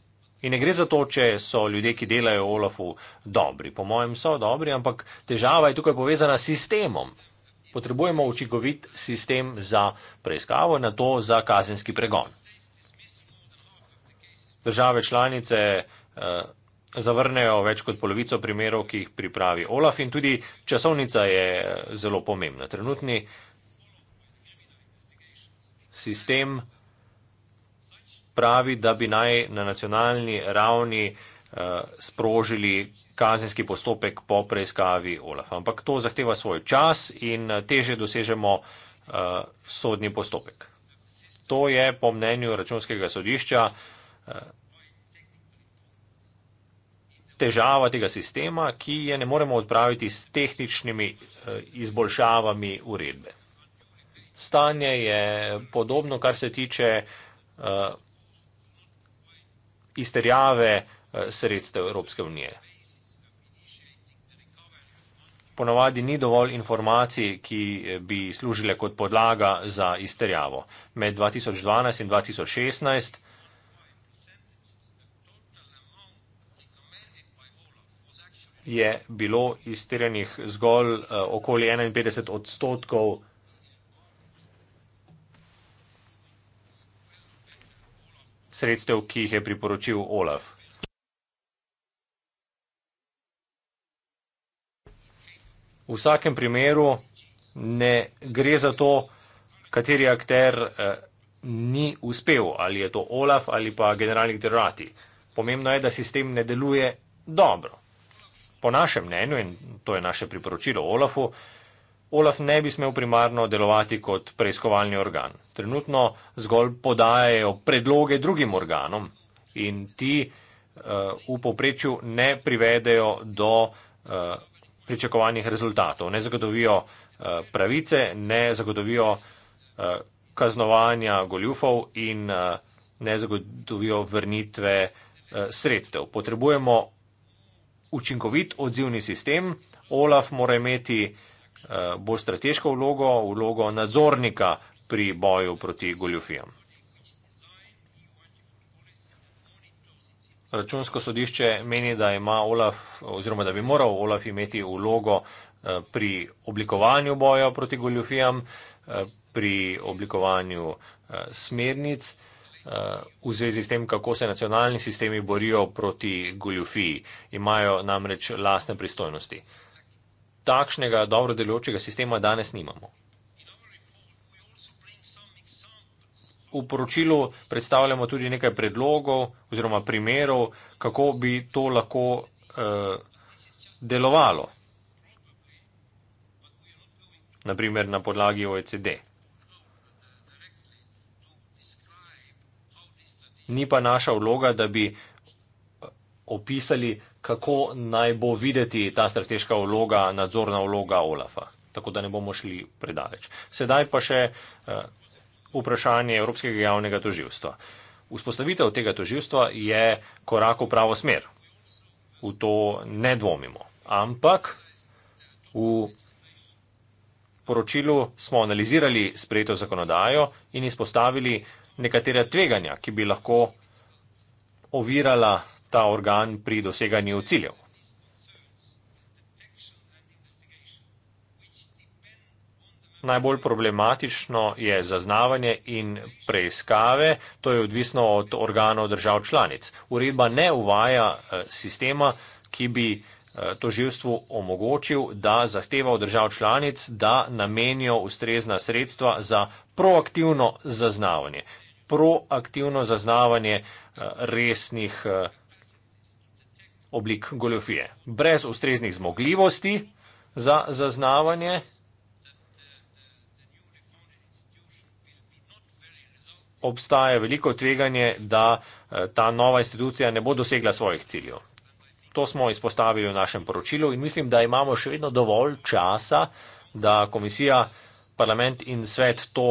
In ne gre za to, če so ljudje, ki delajo v Olafu, dobri. Po mojem, so dobri, ampak težava je tukaj povezana s sistemom. Potrebujemo učinkovit sistem za preiskavo in na to za kazenski pregon. Države članice eh, zavrnejo več kot polovico primerov, ki jih pripravi Olaf in tudi časovnica je eh, zelo pomembna. Trenutni sistem pravi, da bi naj na nacionalni ravni uh, sprožili kazenski postopek po preiskavi OLAF. Ampak to zahteva svoj čas in eh, teže dosežemo uh, sodni postopek. To je po mnenju računskega sodišča težava tega sistema, ki je ne moremo odpraviti s tehničnimi izboljšavami uredbe. Stanje je podobno, kar se tiče izterjave eh, sredstev Evropske unije. Ponovadi ni dovolj informacij, ki eh, bi služile kot podlaga za izterjavo. Med 2012 in 2016 je bilo izterjenih zgolj eh, okoli 51 odstotkov sredstev, ki jih je priporočil OLAF. V vsakem primeru ne gre za to, kateri akter eh, ni uspel, ali je to OLAF ali pa generalnih derati. Pomembno je, da sistem ne deluje dobro. Po našem mnenju, in to je naše priporočilo OLAFu, eh, Olaf ne bi smel primarno delovati kot preiskovalni organ. Trenutno zgolj podajajo predloge drugim organom in ti uh, v poprečju ne privedejo do uh, pričakovanih rezultatov, ne zagotovijo uh, pravice, ne zagotovijo uh, kaznovanja goljufov in uh, ne zagotovijo vrnitve uh, sredstev. Potrebujemo učinkovit odzivni sistem. Olaf mora imeti uh, Eh, bolj strateško vlogo, vlogo nadzornika pri boju proti goljofijam. Računsko sodišče meni, da ima Olaf oziroma da bi moral Olaf imeti vlogo eh, pri oblikovanju boja proti goljofijam, eh, pri oblikovanju smernic v zvezi s tem, kako se nacionalni sistemi borijo proti goljofiji. Imajo namreč lastne pristojnosti takšnega dobro delujočega sistema danes nimamo. V poročilu predstavljamo tudi nekaj predlogov oziroma primerov, kako bi to lahko uh, delovalo. Naprimer na podlagi OECD. Ni pa naša vloga, da bi eh, opisali kako naj bo videti ta strateška vloga, nadzorna vloga OLAF-a. Tako da ne bomo šli predaleč. Sedaj pa še eh, vprašanje Evropskega javnega toživstva. Vzpostavitev tega toživstva je korak v pravo smer. V to ne dvomimo. Ampak v poročilu smo analizirali sprejeto zakonodajo in izpostavili nekatera tveganja, ki bi lahko ovirala ta organ pri doseganju ciljev. Najbolj problematično je zaznavanje in preiskave, to je odvisno od organov držav članic. Uredba ne uvaja eh, sistema, ki bi eh, to živstvu omogočil, da zahteva od držav članic, da namenijo ustrezna sredstva za proaktivno zaznavanje. Proaktivno zaznavanje eh, resnih oblik goljofije. Brez ustreznih zmogljivosti za zaznavanje obstaja veliko tveganje, da eh, ta nova institucija ne bo dosegla svojih ciljev. To smo izpostavili v našem poročilu in mislim, da imamo še vedno dovolj časa, da komisija, parlament in svet to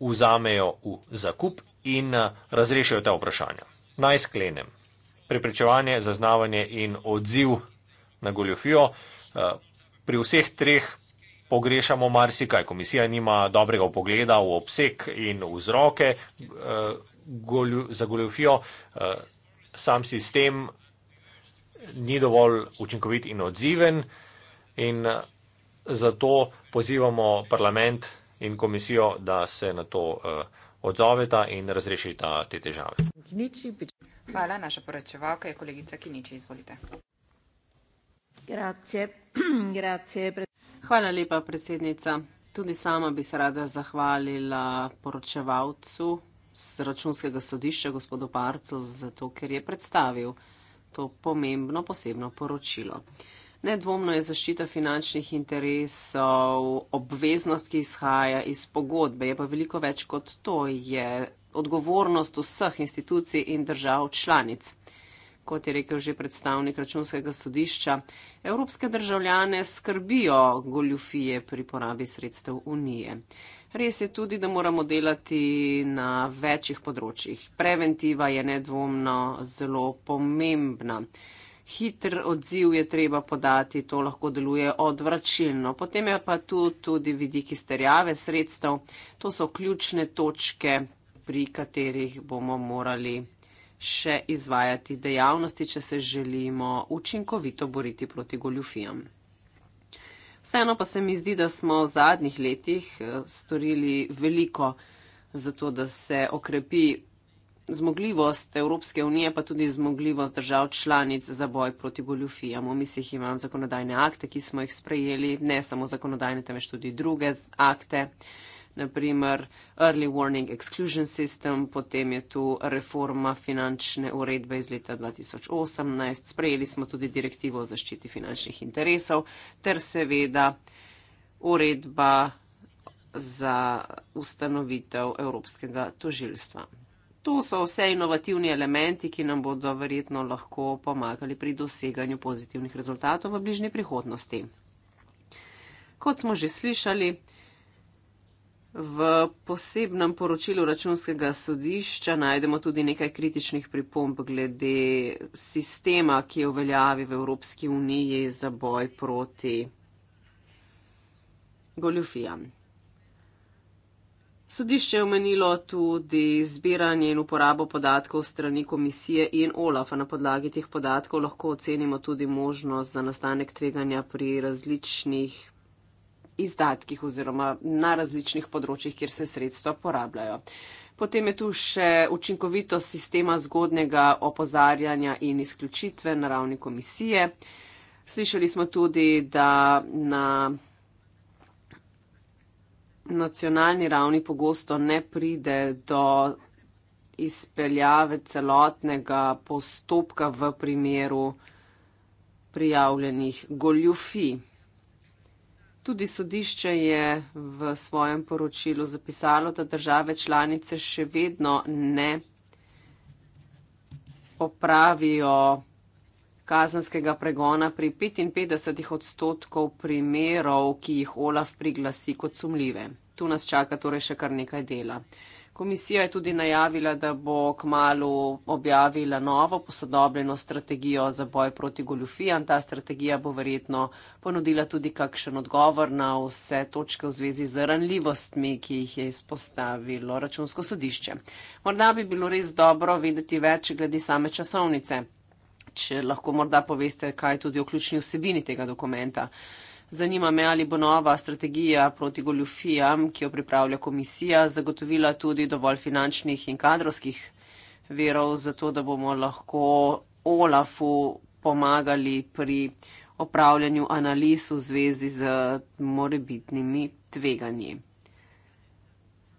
vzamejo v zakup in eh, razrešijo ta vprašanja. Naj sklenem preprečevanje, zaznavanje in odziv na goljofijo. Eh, pri vseh treh pogrešamo marsikaj. Komisija nima dobrega pogleda v obseg in vzroke eh, za goljofijo. Eh, sam sistem ni dovolj učinkovit in odziven in zato pozivamo parlament in komisijo, da se na to odzoveta in razrešita te težave. Hvala. Naša poročevalka je kolegica Kiniči. Izvolite. Grazie. Grazie. Hvala lepa, predsednica. Tudi sama bi se rada zahvalila poročevalcu z računskega sodišča, gospodu Parcu, zato ker je predstavil to pomembno posebno poročilo. Nedvomno je zaščita finančnih interesov obveznost, ki izhaja iz pogodbe, je pa veliko več kot to, je odgovornost vseh institucij in držav članic. Kot je rekel že predstavnik računskega sodišča, evropske državljane skrbijo goljufije pri porabi sredstev unije. Res je tudi, da moramo delati na večjih področjih. Preventiva je nedvomno zelo pomembna. Hitr odziv je treba podati, to lahko deluje odvračilno. Potem je pa tu tudi vidiki sterjave sredstev. To so ključne točke pri katerih bomo morali še izvajati dejavnosti, če se želimo učinkovito boriti proti goljufijam. Vseeno pa se mi zdi, da smo v zadnjih letih eh, storili veliko za to, da se okrepi zmogljivost Evropske unije, pa tudi zmogljivost držav članic za boj proti goljufijam. V mislih imam zakonodajne akte, ki smo jih sprejeli, ne samo zakonodajne, temveč tudi druge akte naprimer Early Warning Exclusion System, potem je tu reforma finančne uredbe iz leta 2018, sprejeli smo tudi direktivo o zaščiti finančnih interesov ter seveda uredba za ustanovitev Evropskega tožilstva. To so vse inovativni elementi, ki nam bodo verjetno lahko pomagali pri doseganju pozitivnih rezultatov v bližnji prihodnosti. Kot smo že slišali, V posebnem poročilu računskega sodišča najdemo tudi nekaj kritičnih pripomb glede sistema, ki je uveljavi v Evropski uniji za boj proti goljufijam. Sodišče je omenilo tudi zbiranje in uporabo podatkov strani komisije in OLAF. Na podlagi teh podatkov lahko ocenimo tudi možnost za nastanek tveganja pri različnih izdatkih oziroma na različnih področjih, kjer se sredstva porabljajo. Potem je tu še učinkovitost sistema zgodnega opozarjanja in izključitve na ravni komisije. Slišali smo tudi, da na nacionalni ravni pogosto ne pride do izpeljave celotnega postopka v primeru prijavljenih goljufij. Tudi sodišče je v svojem poročilu zapisalo, da države članice še vedno ne popravijo kazanskega pregona pri 55 odstotkov primerov, ki jih Olaf priglasi kot sumljive. Tu nas čaka torej še kar nekaj dela. Komisija je tudi najavila, da bo k malu objavila novo posodobljeno strategijo za boj proti goljufijam. Ta strategija bo verjetno ponudila tudi kakšen odgovor na vse točke v zvezi z ranljivostmi, ki jih je izpostavilo računsko sodišče. Morda bi bilo res dobro vedeti več glede same časovnice, če lahko morda poveste, kaj je tudi o ključni vsebini tega dokumenta. Zanima me, ali bo nova strategija proti goljufijam, ki jo pripravlja komisija, zagotovila tudi dovolj finančnih in kadrovskih verov, zato da bomo lahko Olafu pomagali pri opravljanju analiz v zvezi z morebitnimi tveganji.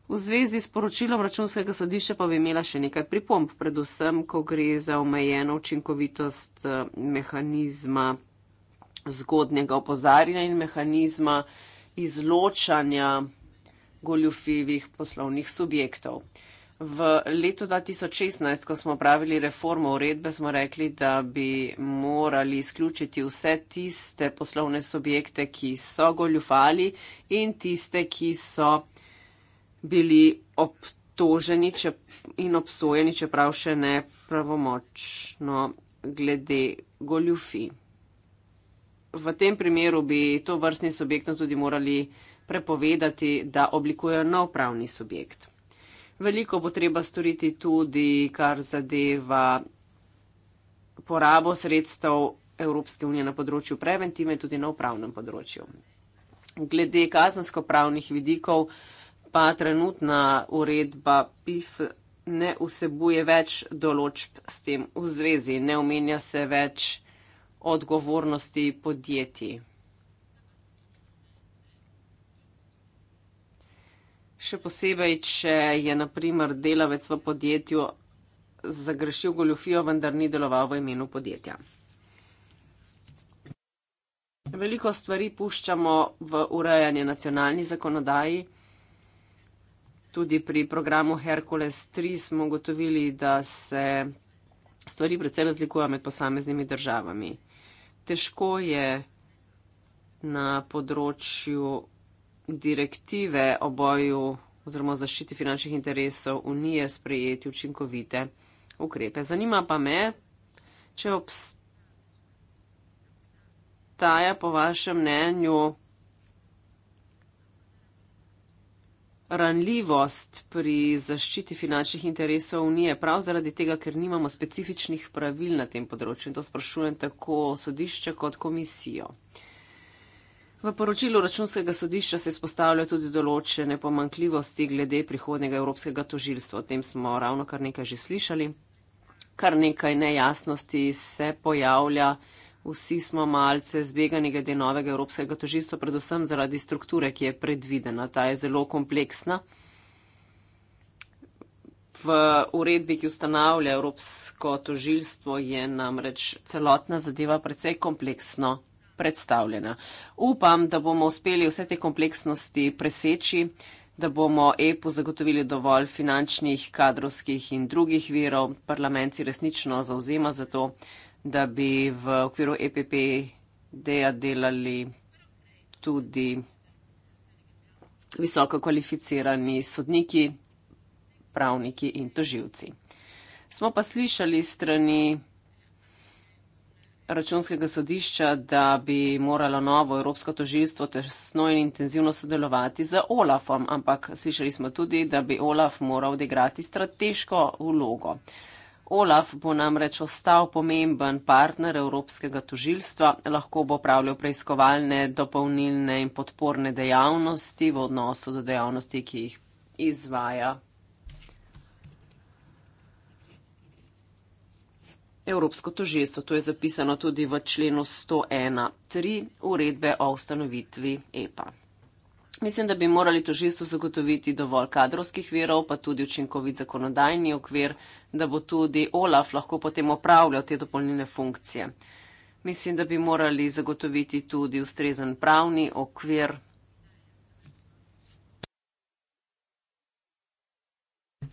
V zvezi s poročilom računskega sodišča pa bi imela še nekaj pripomb, predvsem, ko gre za omejeno učinkovitost eh, mehanizma zgodnjega opozarjanja in mehanizma izločanja goljufivih poslovnih subjektov. V letu 2016, ko smo pravili reformo uredbe, smo rekli, da bi morali izključiti vse tiste poslovne subjekte, ki so goljufali in tiste, ki so bili obtoženi če, in obsojeni, čeprav še ne pravomočno glede goljufi v tem primeru bi to vrstni subjekt tudi morali prepovedati, da oblikujejo nov pravni subjekt. Veliko bo treba storiti tudi, kar zadeva porabo sredstev Evropske unije na področju preventive, tudi na upravnem področju. Glede kazensko-pravnih vidikov, pa trenutna uredba PIF ne vsebuje več določb s tem v zvezi. Ne omenja se več odgovornosti podjetij. Še posebej, če je naprimer delavec v podjetju zagrešil goljofijo, vendar ni deloval v imenu podjetja. Veliko stvari puščamo v urejanje nacionalni zakonodaji. Tudi pri programu Herkules 3 smo ugotovili, da se stvari predvsej razlikujejo med posameznimi državami težko je na področju direktive o boju oziroma zaščiti finančnih interesov unije sprejeti učinkovite ukrepe. Zanima pa me, če obstaja po vašem mnenju ranljivost pri zaščiti finančnih interesov Unije, prav zaradi tega, ker nimamo specifičnih pravil na tem področju. In to sprašujem tako sodišče kot komisijo. V poročilu računskega sodišča se izpostavljajo tudi določene pomankljivosti glede prihodnjega evropskega tožilstva. O tem smo ravno kar nekaj že slišali. Kar nekaj nejasnosti se pojavlja vsi smo malce zbegani glede novega evropskega tožilstva, predvsem zaradi strukture, ki je predvidena. Ta je zelo kompleksna. V uredbi, ki ustanavlja evropsko tožilstvo, je namreč celotna zadeva precej kompleksno predstavljena. Upam, da bomo uspeli vse te kompleksnosti preseči da bomo EPU zagotovili dovolj finančnih, kadrovskih in drugih virov. Parlament si resnično zauzema za to, da bi v okviru EPPD-ja delali tudi visoko kvalificirani sodniki, pravniki in toživci. Smo pa slišali strani računskega sodišča, da bi moralo novo Evropsko tožilstvo tesno in intenzivno sodelovati z OLAF-om, ampak slišali smo tudi, da bi OLAF moral odigrati strateško vlogo. Olaf bo namreč ostal pomemben partner Evropskega tožilstva, lahko bo pravljal preiskovalne, dopolnilne in podporne dejavnosti v odnosu do dejavnosti, ki jih izvaja. Evropsko tožilstvo, to je zapisano tudi v členu 101.3 uredbe o ustanovitvi EPA. Mislim, da bi morali tožilstvo zagotoviti dovolj kadrovskih verov, pa tudi učinkovit zakonodajni okvir, da bo tudi OLAF lahko potem opravljal te dopolnilne funkcije. Mislim, da bi morali zagotoviti tudi ustrezen pravni okvir.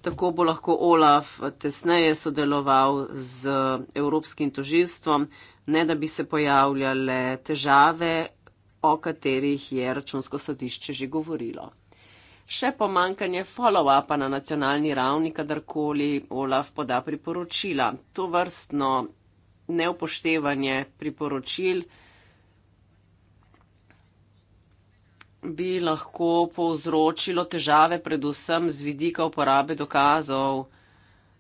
Tako bo lahko OLAF tesneje sodeloval z evropskim tožilstvom, ne da bi se pojavljale težave o katerih je računsko sodišče že govorilo. Še pomankanje follow-upa na nacionalni ravni, kadarkoli Olaf poda priporočila. To vrstno neupoštevanje priporočil bi lahko povzročilo težave predvsem z vidika uporabe dokazov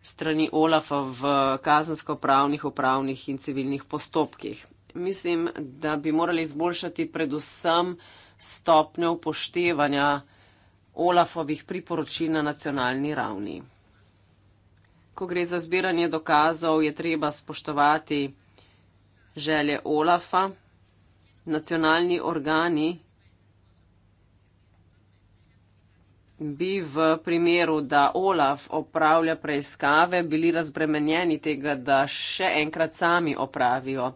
strani Olafa v kazensko-pravnih, upravnih in civilnih postopkih mislim, da bi morali izboljšati predvsem stopnjo upoštevanja Olafovih priporočil na nacionalni ravni. Ko gre za zbiranje dokazov, je treba spoštovati želje Olafa, nacionalni organi. bi v primeru, da Olaf opravlja preiskave, bili razbremenjeni tega, da še enkrat sami opravijo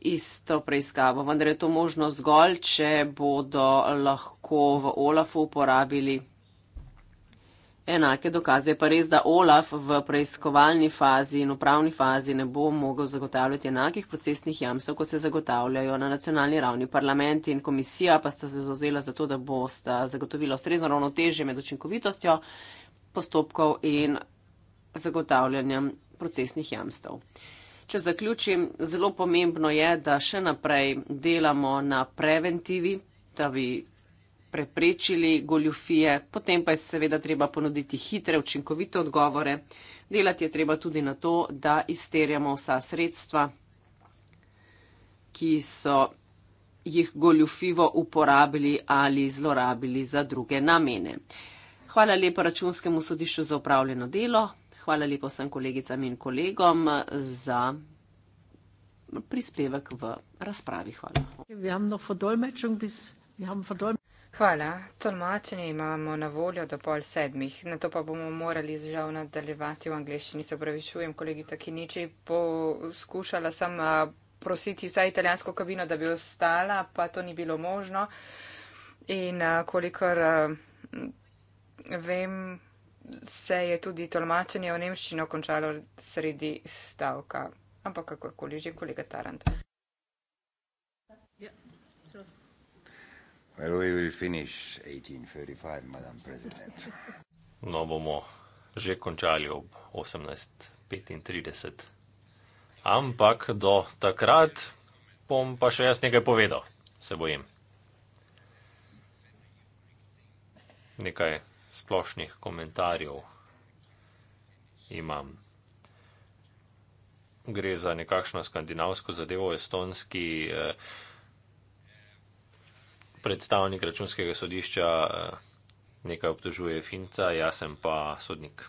isto preiskavo, vendar je to možno zgolj, če bodo lahko v Olafu uporabili enake dokaze. Pa res, da Olaf v preiskovalni fazi in upravni fazi ne bo mogel zagotavljati enakih procesnih jamstv, kot se zagotavljajo na nacionalni ravni. Parlament in komisija pa sta se zauzela za to, da bosta zagotovila ustrezno ravnotežje med učinkovitostjo postopkov in zagotavljanjem procesnih jamstv. Če zaključim, zelo pomembno je, da še naprej delamo na preventivi, da bi preprečili goljufije, potem pa je seveda treba ponuditi hitre, učinkovite odgovore. Delati je treba tudi na to, da izterjamo vsa sredstva, ki so jih goljufivo uporabili ali zlorabili za druge namene. Hvala lepa računskemu sodišču za upravljeno delo. Hvala lepo vsem kolegicam in kolegom za prispevek v razpravi. Hvala. Hvala. Tolmačenje imamo na voljo do pol sedmih, na to pa bomo morali žal nadaljevati v angliščini. Se upravičujem, kolegica Kiniči, poskušala sem prositi vsaj italijansko kabino, da bi ostala, pa to ni bilo možno. In kolikor vem, se je tudi tolmačenje v nemščino končalo sredi stavka. Ampak kakorkoli že, kolega Tarant. Ja, well, we will finish 1835, madam president. No, bomo že končali ob 18.35. Ampak do takrat bom pa še jaz nekaj povedal, se bojim. Nekaj splošnih komentarjev imam. Gre za nekakšno skandinavsko zadevo, estonski eh, predstavnik računskega sodišča eh, nekaj obtožuje Finca, jaz sem pa sodnik.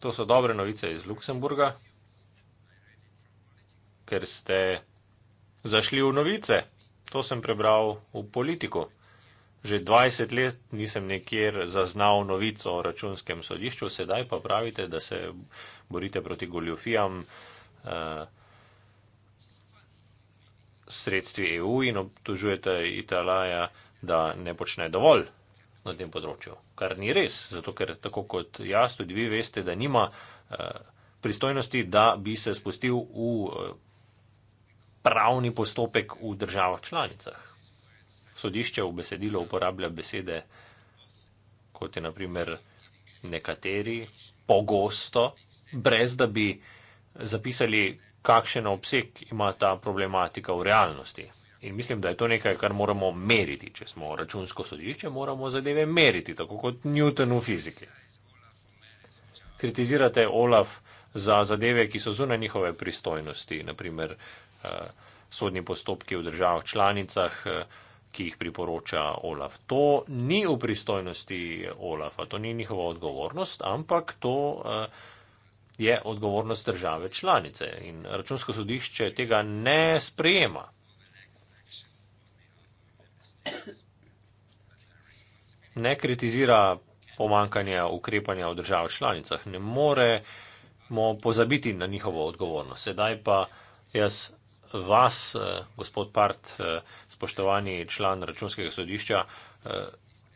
To so dobre novice iz Luksemburga, ker ste zašli v novice. To sem prebral v politiku že 20 let nisem nekjer zaznal novico o računskem sodišču, sedaj pa pravite, da se borite proti goljofijam uh, eh, sredstvi EU in obtožujete Italaja, da ne počne dovolj na tem področju. Kar ni res, zato ker tako kot jaz tudi vi veste, da nima uh, pristojnosti, da bi se spustil v. Uh, pravni postopek v državah članicah sodišče v besedilo uporablja besede, kot je naprimer nekateri, pogosto, brez da bi zapisali, kakšen obseg ima ta problematika v realnosti. In mislim, da je to nekaj, kar moramo meriti. Če smo računsko sodišče, moramo zadeve meriti, tako kot Newton v fiziki. Kritizirate Olaf za zadeve, ki so zunaj njihove pristojnosti, naprimer eh, sodni postopki v državah članicah, eh, ki jih priporoča Olaf. To ni v pristojnosti Olafa, to ni njihova odgovornost, ampak to eh, je odgovornost države članice in računsko sodišče tega ne sprejema. Ne kritizira pomankanja ukrepanja v državah članicah, ne moremo pozabiti na njihovo odgovornost. Sedaj pa jaz vas, eh, gospod Part, eh, spoštovani član računskega sodišča, eh,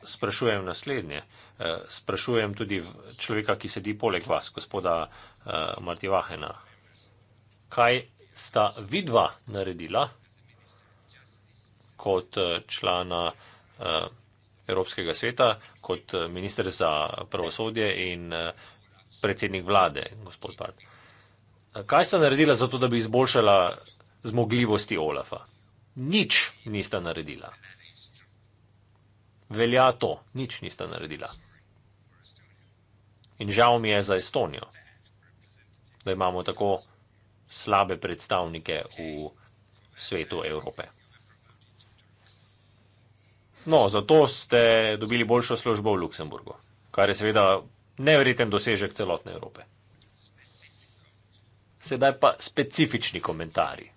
sprašujem naslednje. Eh, sprašujem tudi človeka, ki sedi poleg vas, gospoda eh, Martivahena. Kaj sta vidva naredila kot člana Evropskega sveta, kot minister za pravosodje in predsednik vlade, gospod Pard? Kaj sta naredila za to, da bi izboljšala zmogljivosti Olafa? nič nista naredila. Velja to, nič nista naredila. In žal mi je za Estonijo, da imamo tako slabe predstavnike v svetu Evrope. No, zato ste dobili boljšo službo v Luksemburgu, kar je seveda nevreten dosežek celotne Evrope. Sedaj pa specifični komentarji.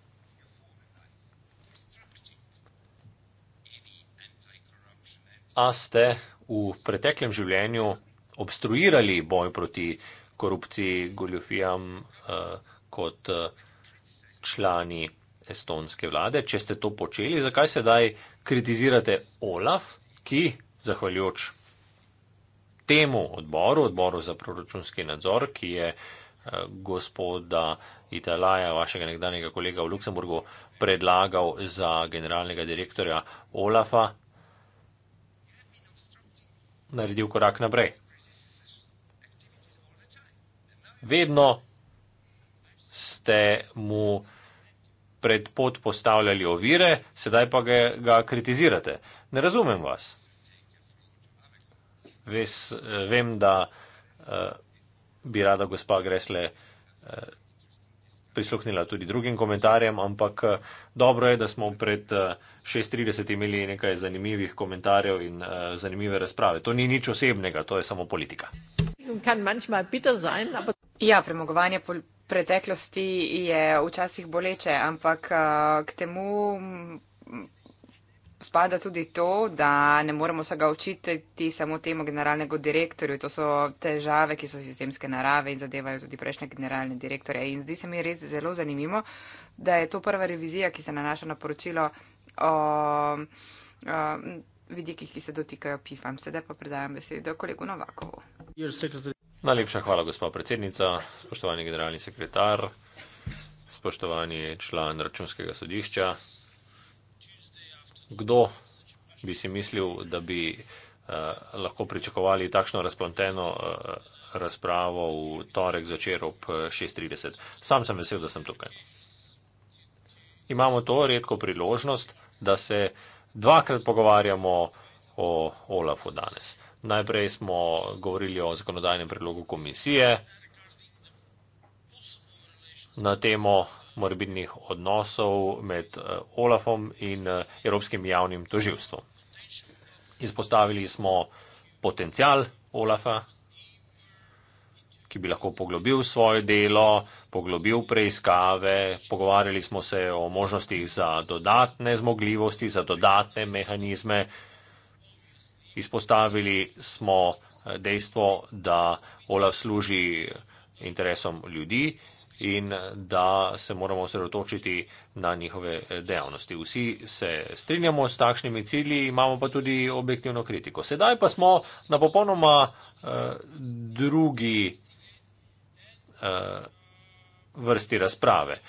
A ste v preteklem življenju obstruirali boj proti korupciji, goljofijam eh, kot eh, člani estonske vlade? Če ste to počeli, zakaj sedaj kritizirate Olaf, ki zahvaljujoč temu odboru, odboru za proračunski nadzor, ki je eh, gospoda Italaja, vašega nekdanjega kolega v Luksemburgu, predlagal za generalnega direktorja Olafa, naredil korak naprej. Vedno ste mu pred pot postavljali ovire, sedaj pa ga, ga kritizirate. Ne razumem vas. Ves, eh, vem, da uh, bi rada gospa Gresle uh, prisluhnila tudi drugim komentarjem, ampak eh, dobro je, da smo pred 6.30 eh, imeli nekaj zanimivih komentarjev in eh, zanimive razprave. To ni nič osebnega, to je samo politika. Ja, premagovanje pol preteklosti je včasih boleče, ampak k temu spada tudi to, da ne moramo vsega očitati samo temu generalnemu direktorju. To so težave, ki so sistemske narave in zadevajo tudi prejšnje generalne direktorje. In zdi se mi res zelo zanimivo, da je to prva revizija, ki se nanaša na poročilo o, o vidikih, ki se dotikajo PIF-am. Sedaj pa predajam besedo kolegu Novakovu. Najlepša hvala, gospa predsednica, spoštovani generalni sekretar, spoštovani član računskega sodišča kdo bi si mislil, da bi eh, lahko pričakovali takšno razplanteno eh, razpravo v torek začer ob 6.30. Eh, Sam sem vesel, da sem tukaj. Imamo to redko priložnost, da se dvakrat pogovarjamo o Olafu danes. Najprej smo govorili o zakonodajnem predlogu komisije na temo morbidnih odnosov med eh, Olafom in eh, Evropskim javnim toživstvom. Izpostavili smo potencial Olafa, ki bi lahko poglobil svoje delo, poglobil preiskave, pogovarjali smo se o možnostih za dodatne zmogljivosti, za dodatne mehanizme. Izpostavili smo eh, dejstvo, da Olaf služi interesom ljudi in eh, da se moramo osredotočiti na njihove eh, dejavnosti. Vsi se strinjamo s takšnimi cilji, imamo pa tudi objektivno kritiko. Sedaj pa smo na popolnoma uh, drugi uh, vrsti razprave.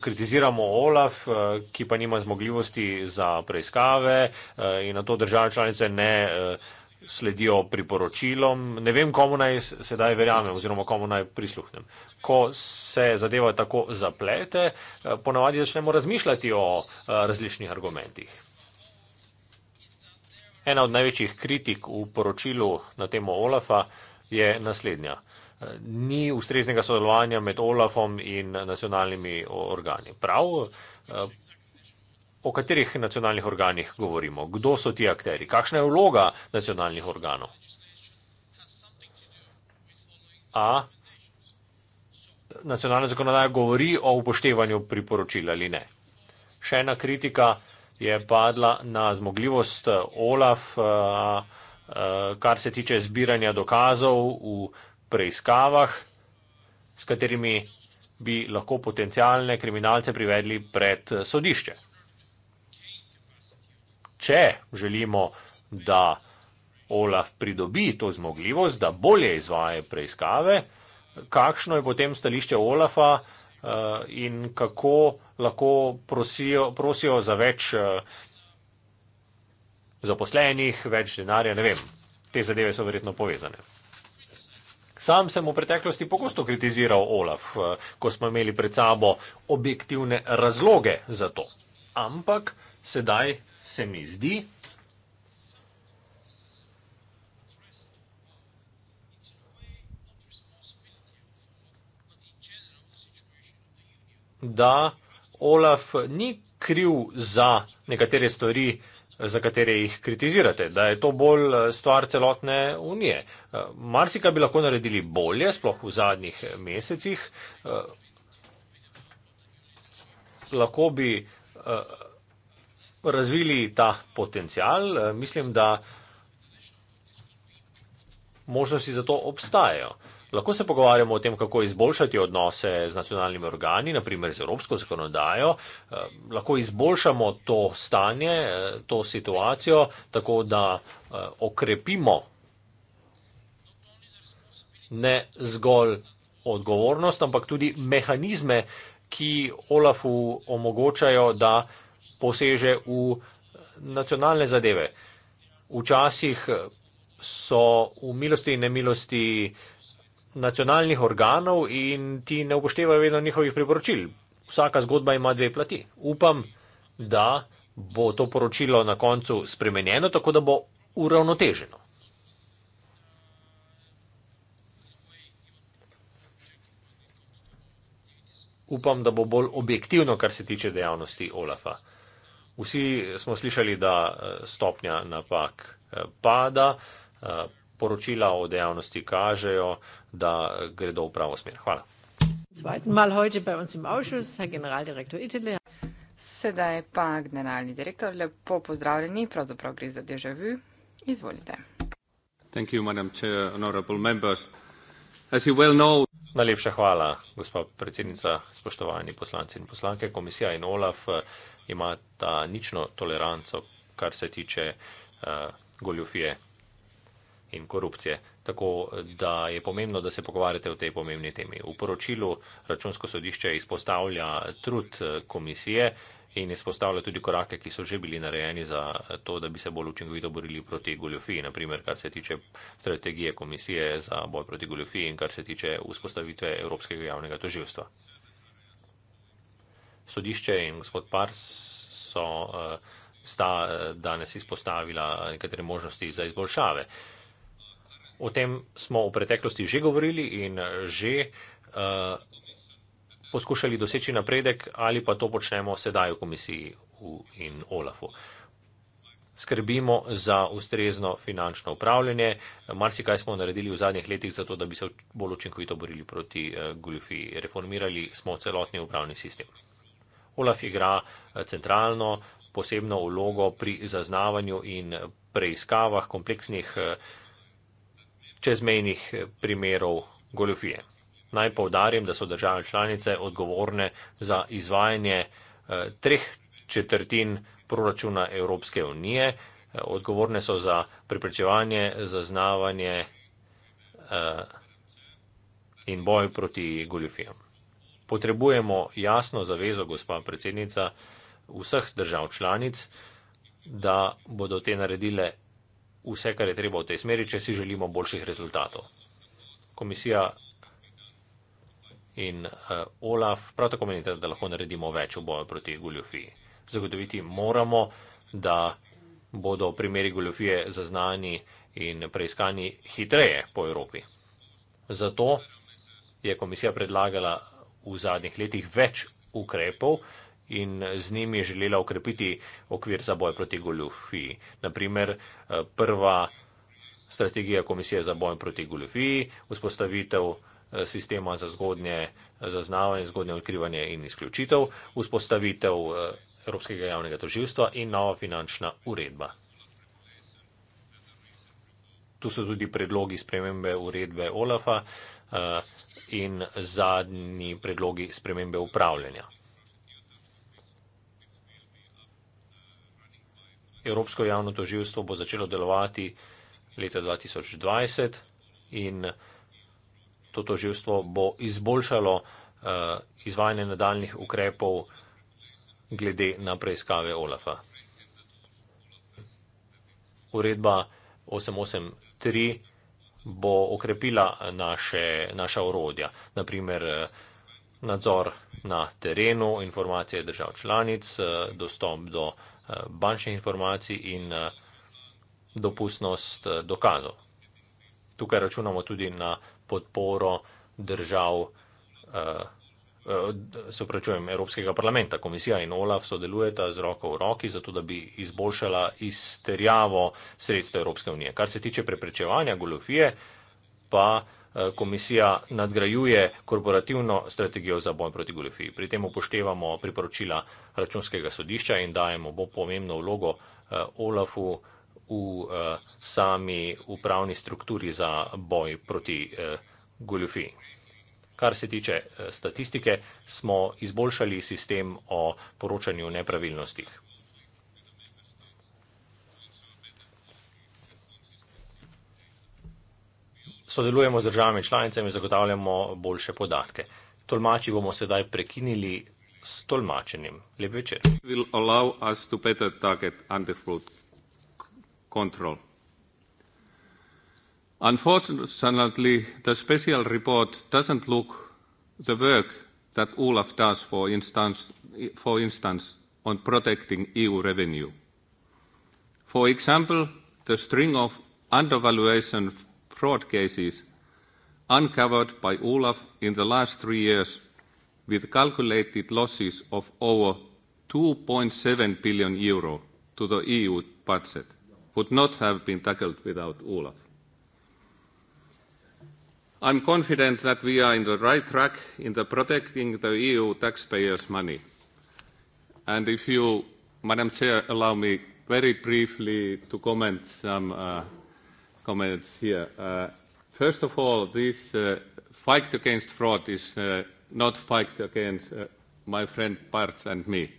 Kritiziramo OLAF, uh, ki pa nima zmogljivosti za preiskave uh, in na to države članice ne. Uh, sledijo priporočilom. Ne vem, komu naj sedaj verjamem oziroma komu naj prisluhnem ko se zadeva tako zaplete, eh, ponavadi začnemo razmišljati o eh, različnih argumentih. Ena od največjih kritik v poročilu na temo OLAFA je naslednja. Eh, ni ustreznega sodelovanja med OLAFom in nacionalnimi organi. Prav, o katerih nacionalnih organih govorimo? Kdo so ti akteri? Kakšna je vloga nacionalnih organov? A, nacionalna zakonodaja govori o upoštevanju priporočil ali ne. Še ena kritika je padla na zmogljivost eh, OLAF, eh, eh, kar se tiče zbiranja dokazov v preiskavah, s katerimi bi lahko potencijalne kriminalce privedli pred sodišče. Če želimo, da OLAF pridobi to zmogljivost, da bolje izvaje preiskave, kakšno je potem stališče Olafa eh, in kako lahko prosijo, prosijo za več eh, zaposlenih, več denarja, ne vem. Te zadeve so verjetno povezane. Sam sem v preteklosti pogosto kritiziral Olaf, eh, ko smo imeli pred sabo objektivne razloge za to. Ampak sedaj se mi zdi, da Olaf ni kriv za nekatere stvari, za katere jih kritizirate, da je to bolj eh, stvar celotne unije. Eh, Marsika bi lahko naredili bolje, sploh v zadnjih eh, mesecih. Lahko bi razvili ta potencial. Mislim, da možnosti za to obstajajo. Lahko se pogovarjamo o tem, kako izboljšati odnose z nacionalnimi organi, naprimer z evropsko zakonodajo. Eh, lahko izboljšamo to stanje, eh, to situacijo, tako da eh, okrepimo ne zgolj odgovornost, ampak tudi mehanizme, ki Olafu omogočajo, da poseže v nacionalne zadeve. Včasih so v milosti in nemilosti nacionalnih organov in ti ne upoštevajo vedno njihovih priporočil. Vsaka zgodba ima dve plati. Upam, da bo to poročilo na koncu spremenjeno, tako da bo uravnoteženo. Upam, da bo bolj objektivno, kar se tiče dejavnosti OLAF-a. Vsi smo slišali, da eh, stopnja napak eh, pada, eh, poročila o dejavnosti kažejo, da gredo v pravo smer. Hvala. Sedaj pa generalni direktor, lepo pozdravljeni, pravzaprav gre za deja vu. Izvolite. Najlepša hvala, gospa predsednica, spoštovani poslanci in poslanke. Komisija in OLAF eh, imata nično toleranco, kar se tiče uh, eh, goljofije in korupcije. Tako da je pomembno, da se pogovarjate o tej pomembni temi. V poročilu računsko sodišče izpostavlja trud eh, komisije in izpostavlja tudi korake, ki so že bili narejeni za eh, to, da bi se bolj učinkovito borili proti goljofiji, naprimer kar se tiče strategije komisije za boj proti goljofiji in kar se tiče vzpostavitve Evropskega javnega toživstva. Sodišče in gospod Pars so eh, sta danes izpostavila nekatere možnosti za izboljšave. O tem smo v preteklosti že govorili in eh, že uh, poskušali doseči napredek ali pa to počnemo sedaj v komisiji in OLAFu. Skrbimo za ustrezno finančno upravljanje. Marsikaj smo naredili v zadnjih letih zato, da bi se bolj učinkovito borili proti eh, goljofiji. Reformirali smo celotni upravni sistem. OLAF igra centralno, posebno vlogo pri zaznavanju in preiskavah kompleksnih uh, čezmejnih eh, primerov goljofije. Naj povdarim, da so države članice odgovorne za izvajanje eh, treh četrtin proračuna Evropske unije, eh, odgovorne so za priprečevanje, zaznavanje in boj proti goljofijam. Potrebujemo jasno zavezo, gospa predsednica, vseh držav članic, da bodo te naredile vse, kar je treba v tej smeri, če si želimo boljših rezultatov. Komisija in uh, OLAF prav tako menite, da lahko naredimo več v boju proti goljofiji. Zagotoviti moramo, da bodo primeri goljofije zaznani in preiskani hitreje po Evropi. Zato je komisija predlagala v zadnjih letih več ukrepov, uh, in z njimi je želela okrepiti okvir za boj proti goljufiji. Naprimer, eh, prva strategija komisije za boj proti goljufiji, vzpostavitev eh, sistema za zgodnje eh, zaznavanje, zgodnje odkrivanje in izključitev, vzpostavitev Evropskega javnega toživstva in nova finančna uredba. Tu so tudi predlogi spremembe uredbe OLAF-a in zadnji predlogi spremembe upravljanja. Evropsko javno toživstvo bo začelo delovati leta 2020 in to toživstvo bo izboljšalo eh, izvajanje nadaljnih ukrepov glede na preiskave OLAF-a. Uredba 883 bo okrepila naše, naša orodja, naprimer eh, nadzor na terenu, informacije držav članic, eh, dostop do Eh, bančnih informacij in eh, dopustnost eh, dokazov. Tukaj računamo tudi na podporo držav, se pravčujem, Evropskega parlamenta. Komisija in OLAF sodelujeta z roko v roki, zato da bi izboljšala izterjavo sredstva Evropske unije. Kar se tiče preprečevanja goljofije, pa je, Eh, komisija nadgrajuje korporativno strategijo za boj proti goljofiji. Pri tem upoštevamo priporočila računskega sodišča in dajemo bo pomembno vlogo eh, OLAF-u v eh, sami upravni strukturi za boj proti goljofiji. Kar se tiče statistike, smo izboljšali sistem o poročanju nepravilnostih. sodelujemo z državami članicami in zagotavljamo boljše podatke. Tolmači bomo sedaj prekinili s tolmačenjem. Lep večer. Unfortunately, the special report doesn't look the work that Olaf does, for instance, for instance, on protecting EU revenue. For example, the string of undervaluation fraud cases uncovered by Olaf in the last three years, with calculated losses of over 2.7 billion euro to the EU budget, would not have been tackled without Olaf. I'm confident that we are in the right track in the protecting the EU taxpayers' money. And if you, Madam Chair, allow me very briefly to comment some uh, comments here. Uh, first of all, this uh, fight against fraud is uh, not fight against uh, my friend Parts and me.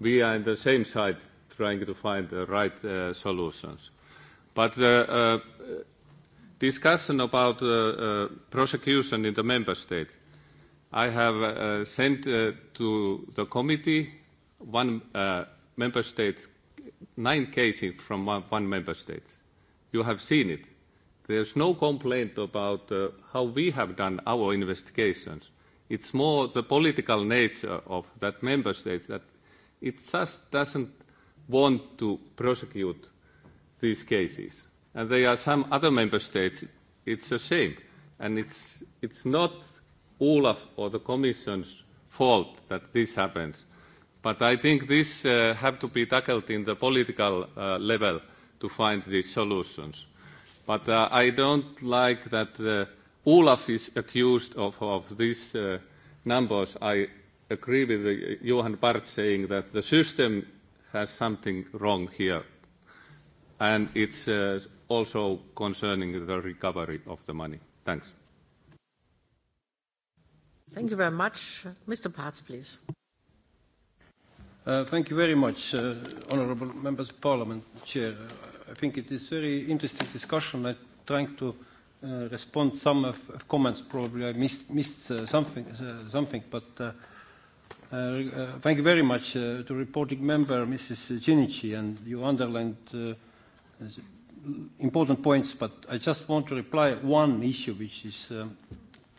We are on the same side trying to find the right uh, solutions. But the uh, uh, discussion about uh, uh, prosecution in the member state, I have uh, sent uh, to the committee one uh, member state, nine cases from one, one member state you have seen it. There's no complaint about uh, how we have done our investigations. It's more the political nature of that member state that it just doesn't want to prosecute these cases. And there are some other member states, it's a shame. And it's, it's not Olaf or the Commission's fault that this happens. But I think this uh, has to be tackled in the political uh, level to find these solutions. But uh, I don't like that uh, Olaf is accused of, of these uh, numbers. I agree with uh, Johan Bart saying that the system has something wrong here. And it's uh, also concerning the recovery of the money. Thanks. Thank you very much. Mr. Parts, please. Uh, thank you very much, uh, honorable members of parliament, chair. i think it is a very interesting discussion. i'm trying to uh, respond to some of, of comments. probably i missed, missed uh, something, uh, something, but uh, uh, uh, thank you very much uh, to reporting member, mrs. Ginici, and you underlined uh, uh, important points, but i just want to reply one issue, which is uh,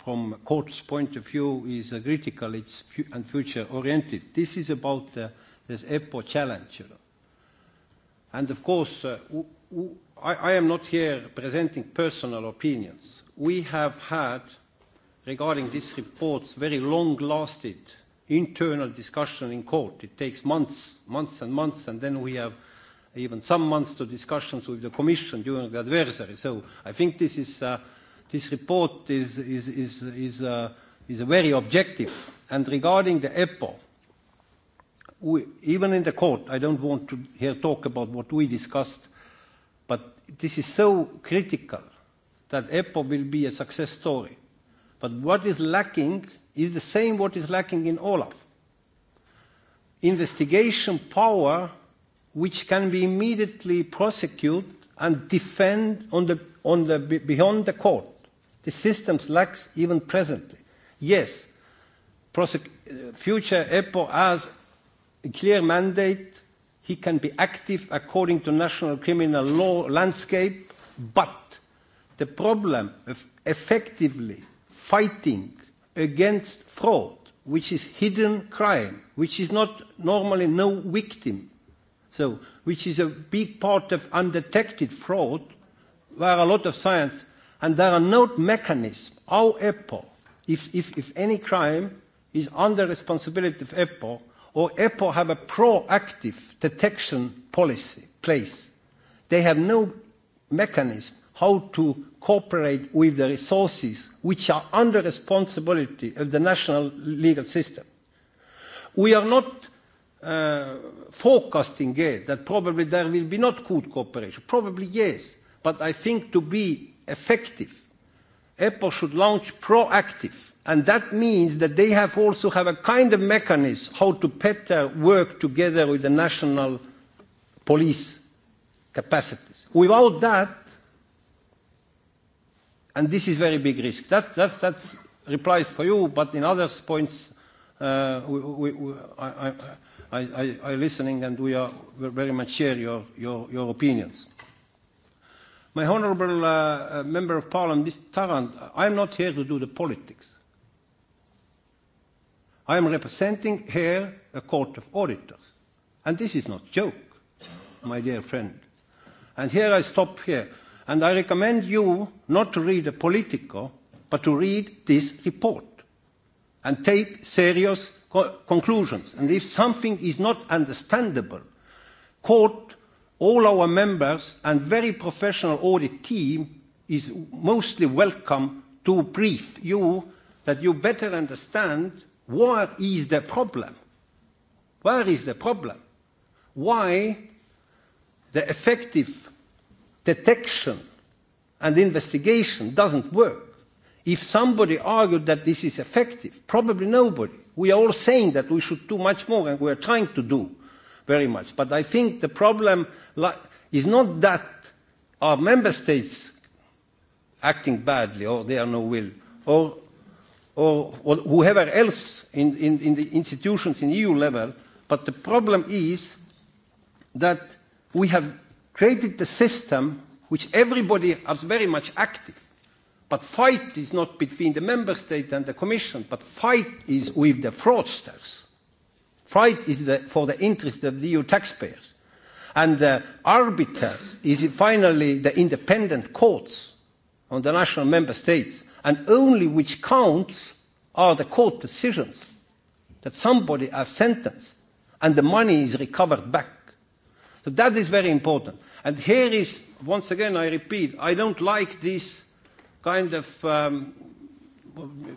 from court's point of view, is critical. It's future-oriented. This is about this EPPO challenge, you know. And of course, uh, I am not here presenting personal opinions. We have had, regarding this report, very long-lasting internal discussion in court. It takes months, months and months, and then we have even some months to discussions with the commission during the adversary. So I think this is uh, this report is, is, is, is, uh, is very objective. And regarding the EPO, we, even in the court, I don't want to hear talk about what we discussed, but this is so critical that EPO will be a success story. But what is lacking is the same what is lacking in Olaf. Investigation power which can be immediately prosecuted and defend on the, on the, beyond the court. The systems lacks even presently. Yes, future EPO has a clear mandate. He can be active according to national criminal law landscape, but the problem of effectively fighting against fraud, which is hidden crime, which is not normally no victim, so which is a big part of undetected fraud, where a lot of science And there are no mechanisms. How EPO, if, if, if any crime is under responsibility of EPO, or EPO have a proactive detection policy place, they have no mechanism how to cooperate with the resources which are under responsibility of the national legal system. We are not uh, forecasting yet that probably there will be not good cooperation. Probably yes, but I think to be effective. Apple should launch proactive. And that means that they have also have a kind of mechanism how to better work together with the national police capacities. Without that, and this is very big risk. That, that's that's replies for you, but in other points, uh, we, we, we, I, I, I, I listening and we are very much share your, your, your opinions. My honorable uh, uh, member of parliament, Mr. Tarrant, I am not here to do the politics. I am representing here a court of auditors. And this is not a joke, my dear friend. And here I stop here. And I recommend you not to read a political, but to read this report and take serious co conclusions. And if something is not understandable, court All our members and very professional audit team is mostly welcome to brief you that you better understand what is the problem. Where is the problem? Why the effective detection and investigation doesn't work? If somebody argued that this is effective, probably nobody. We are all saying that we should do much more than we are trying to do very much. But I think the problem is not that our member states acting badly or they are no will, or, or whoever else in, in, in the institutions in EU level, but the problem is that we have created the system which everybody is very much active. But fight is not between the member state and the commission, but fight is with the fraudsters fight is the, for the interest of the EU taxpayers. And the arbiters is finally the independent courts on the national member states. And only which counts are the court decisions that somebody has sentenced and the money is recovered back. So that is very important. And here is, once again, I repeat, I don't like this kind of, um,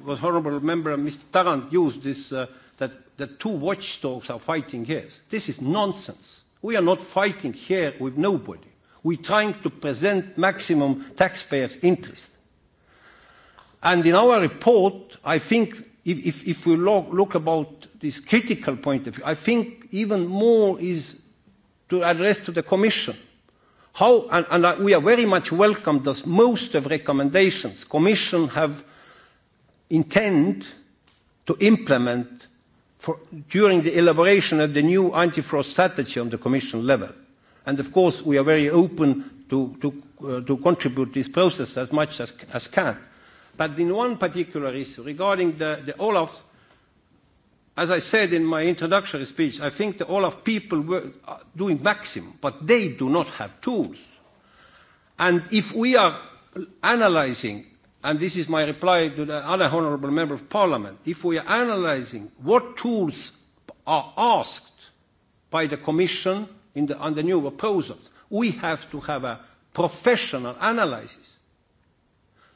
was horrible, remember Mr. Tarrant used this. Uh, that the two watchdogs are fighting here. This is nonsense. We are not fighting here with nobody. We're trying to present maximum taxpayers' interest. And in our report, I think if, if, if we look, look about this critical point of view, I think even more is to address to the Commission. How, and, and we are very much welcome to most of recommendations Commission have intend to implement for, during the elaboration of the new anti-fraud strategy on the Commission level. And of course, we are very open to, to, uh, to contribute this process as much as, as can. But in one particular issue, regarding the, the Olaf, as I said in my introductory speech, I think the Olaf people were uh, doing maximum, but they do not have tools. And if we are analyzing and this is my reply to the other honourable member of parliament, if we are analysing what tools are asked by the commission in the, on the new proposals, we have to have a professional analysis.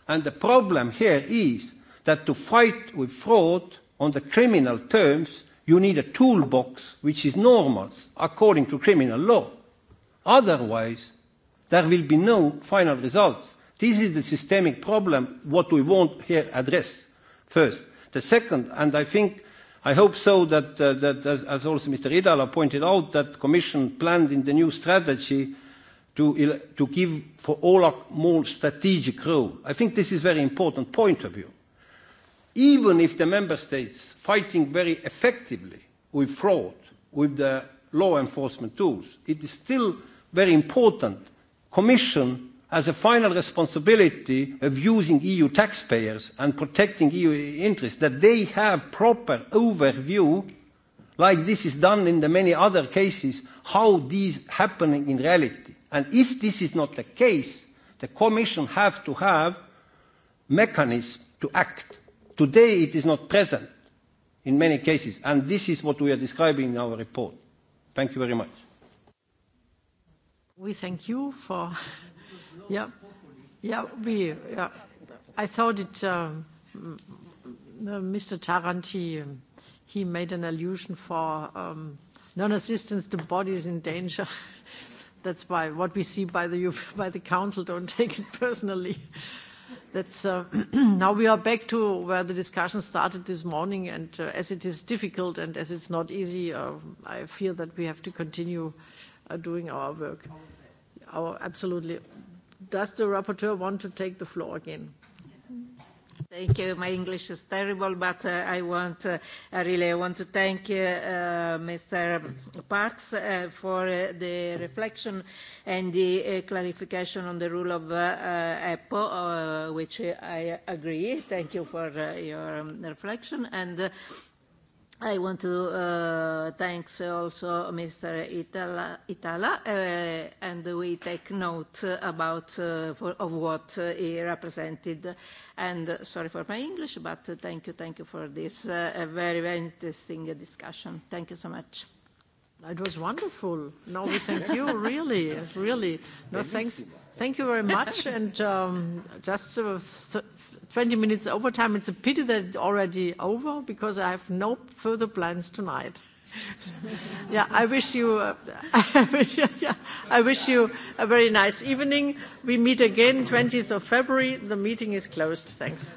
And the problem here is that to fight with fraud on the criminal terms, you need a toolbox which is normal according to criminal law. Otherwise, there will be no final results. This is the systemic problem, what we want here address first. The second, and I think, I hope so, that, uh, that as, as also Mr. Idala pointed out, that Commission planned in the new strategy to, to give for OLAC more strategic role. I think this is a very important point of view. Even if the member states fighting very effectively with fraud, with the law enforcement tools, it is still very important Commission has a final responsibility of using EU taxpayers and protecting EU interests, that they have proper overview, like this is done in the many other cases, how these happening in reality. And if this is not the case, the Commission has to have mechanism to act. Today it is not present in many cases, and this is what we are describing in our report. Thank you very much. We thank you for Yeah. Ja. Yeah, ja, we, yeah. Ja. I thought it, uh, Mr. Uh, Tarantini, um, he made an allusion for um, non-assistance to bodies in danger. That's why what we see by the council, don't take it personally. That's. Uh, now we are back to where the discussion started this morning, and as it is difficult and as it's not easy, um, I fear that we have to continue doing our work. Our best. Absolutely. Does the rapporteur want to take the floor again? Thank you. My English is terrible, but uh, I want uh, I really I want to thank uh, uh, Mr. Parts uh, for uh, the reflection and the uh, clarification on the rule of uh, uh, EPO, uh, which I agree. Thank you for uh, your um, reflection and. Uh, I want to uh, thank also Mr. Itala, Itala uh, and we take note about uh, for, of what uh, he represented. And uh, sorry for my English, but uh, thank you, thank you for this uh, a very, very interesting uh, discussion. Thank you so much. It was wonderful. No, we thank you, really, really. No, thanks. Thank you very much. And um, just uh, so, 20 minutes overtime. It's a pity that it's already over because I have no further plans tonight. Yeah, I wish you, uh, I wish you a very nice evening. We meet again 20th of February. The meeting is closed. Thanks.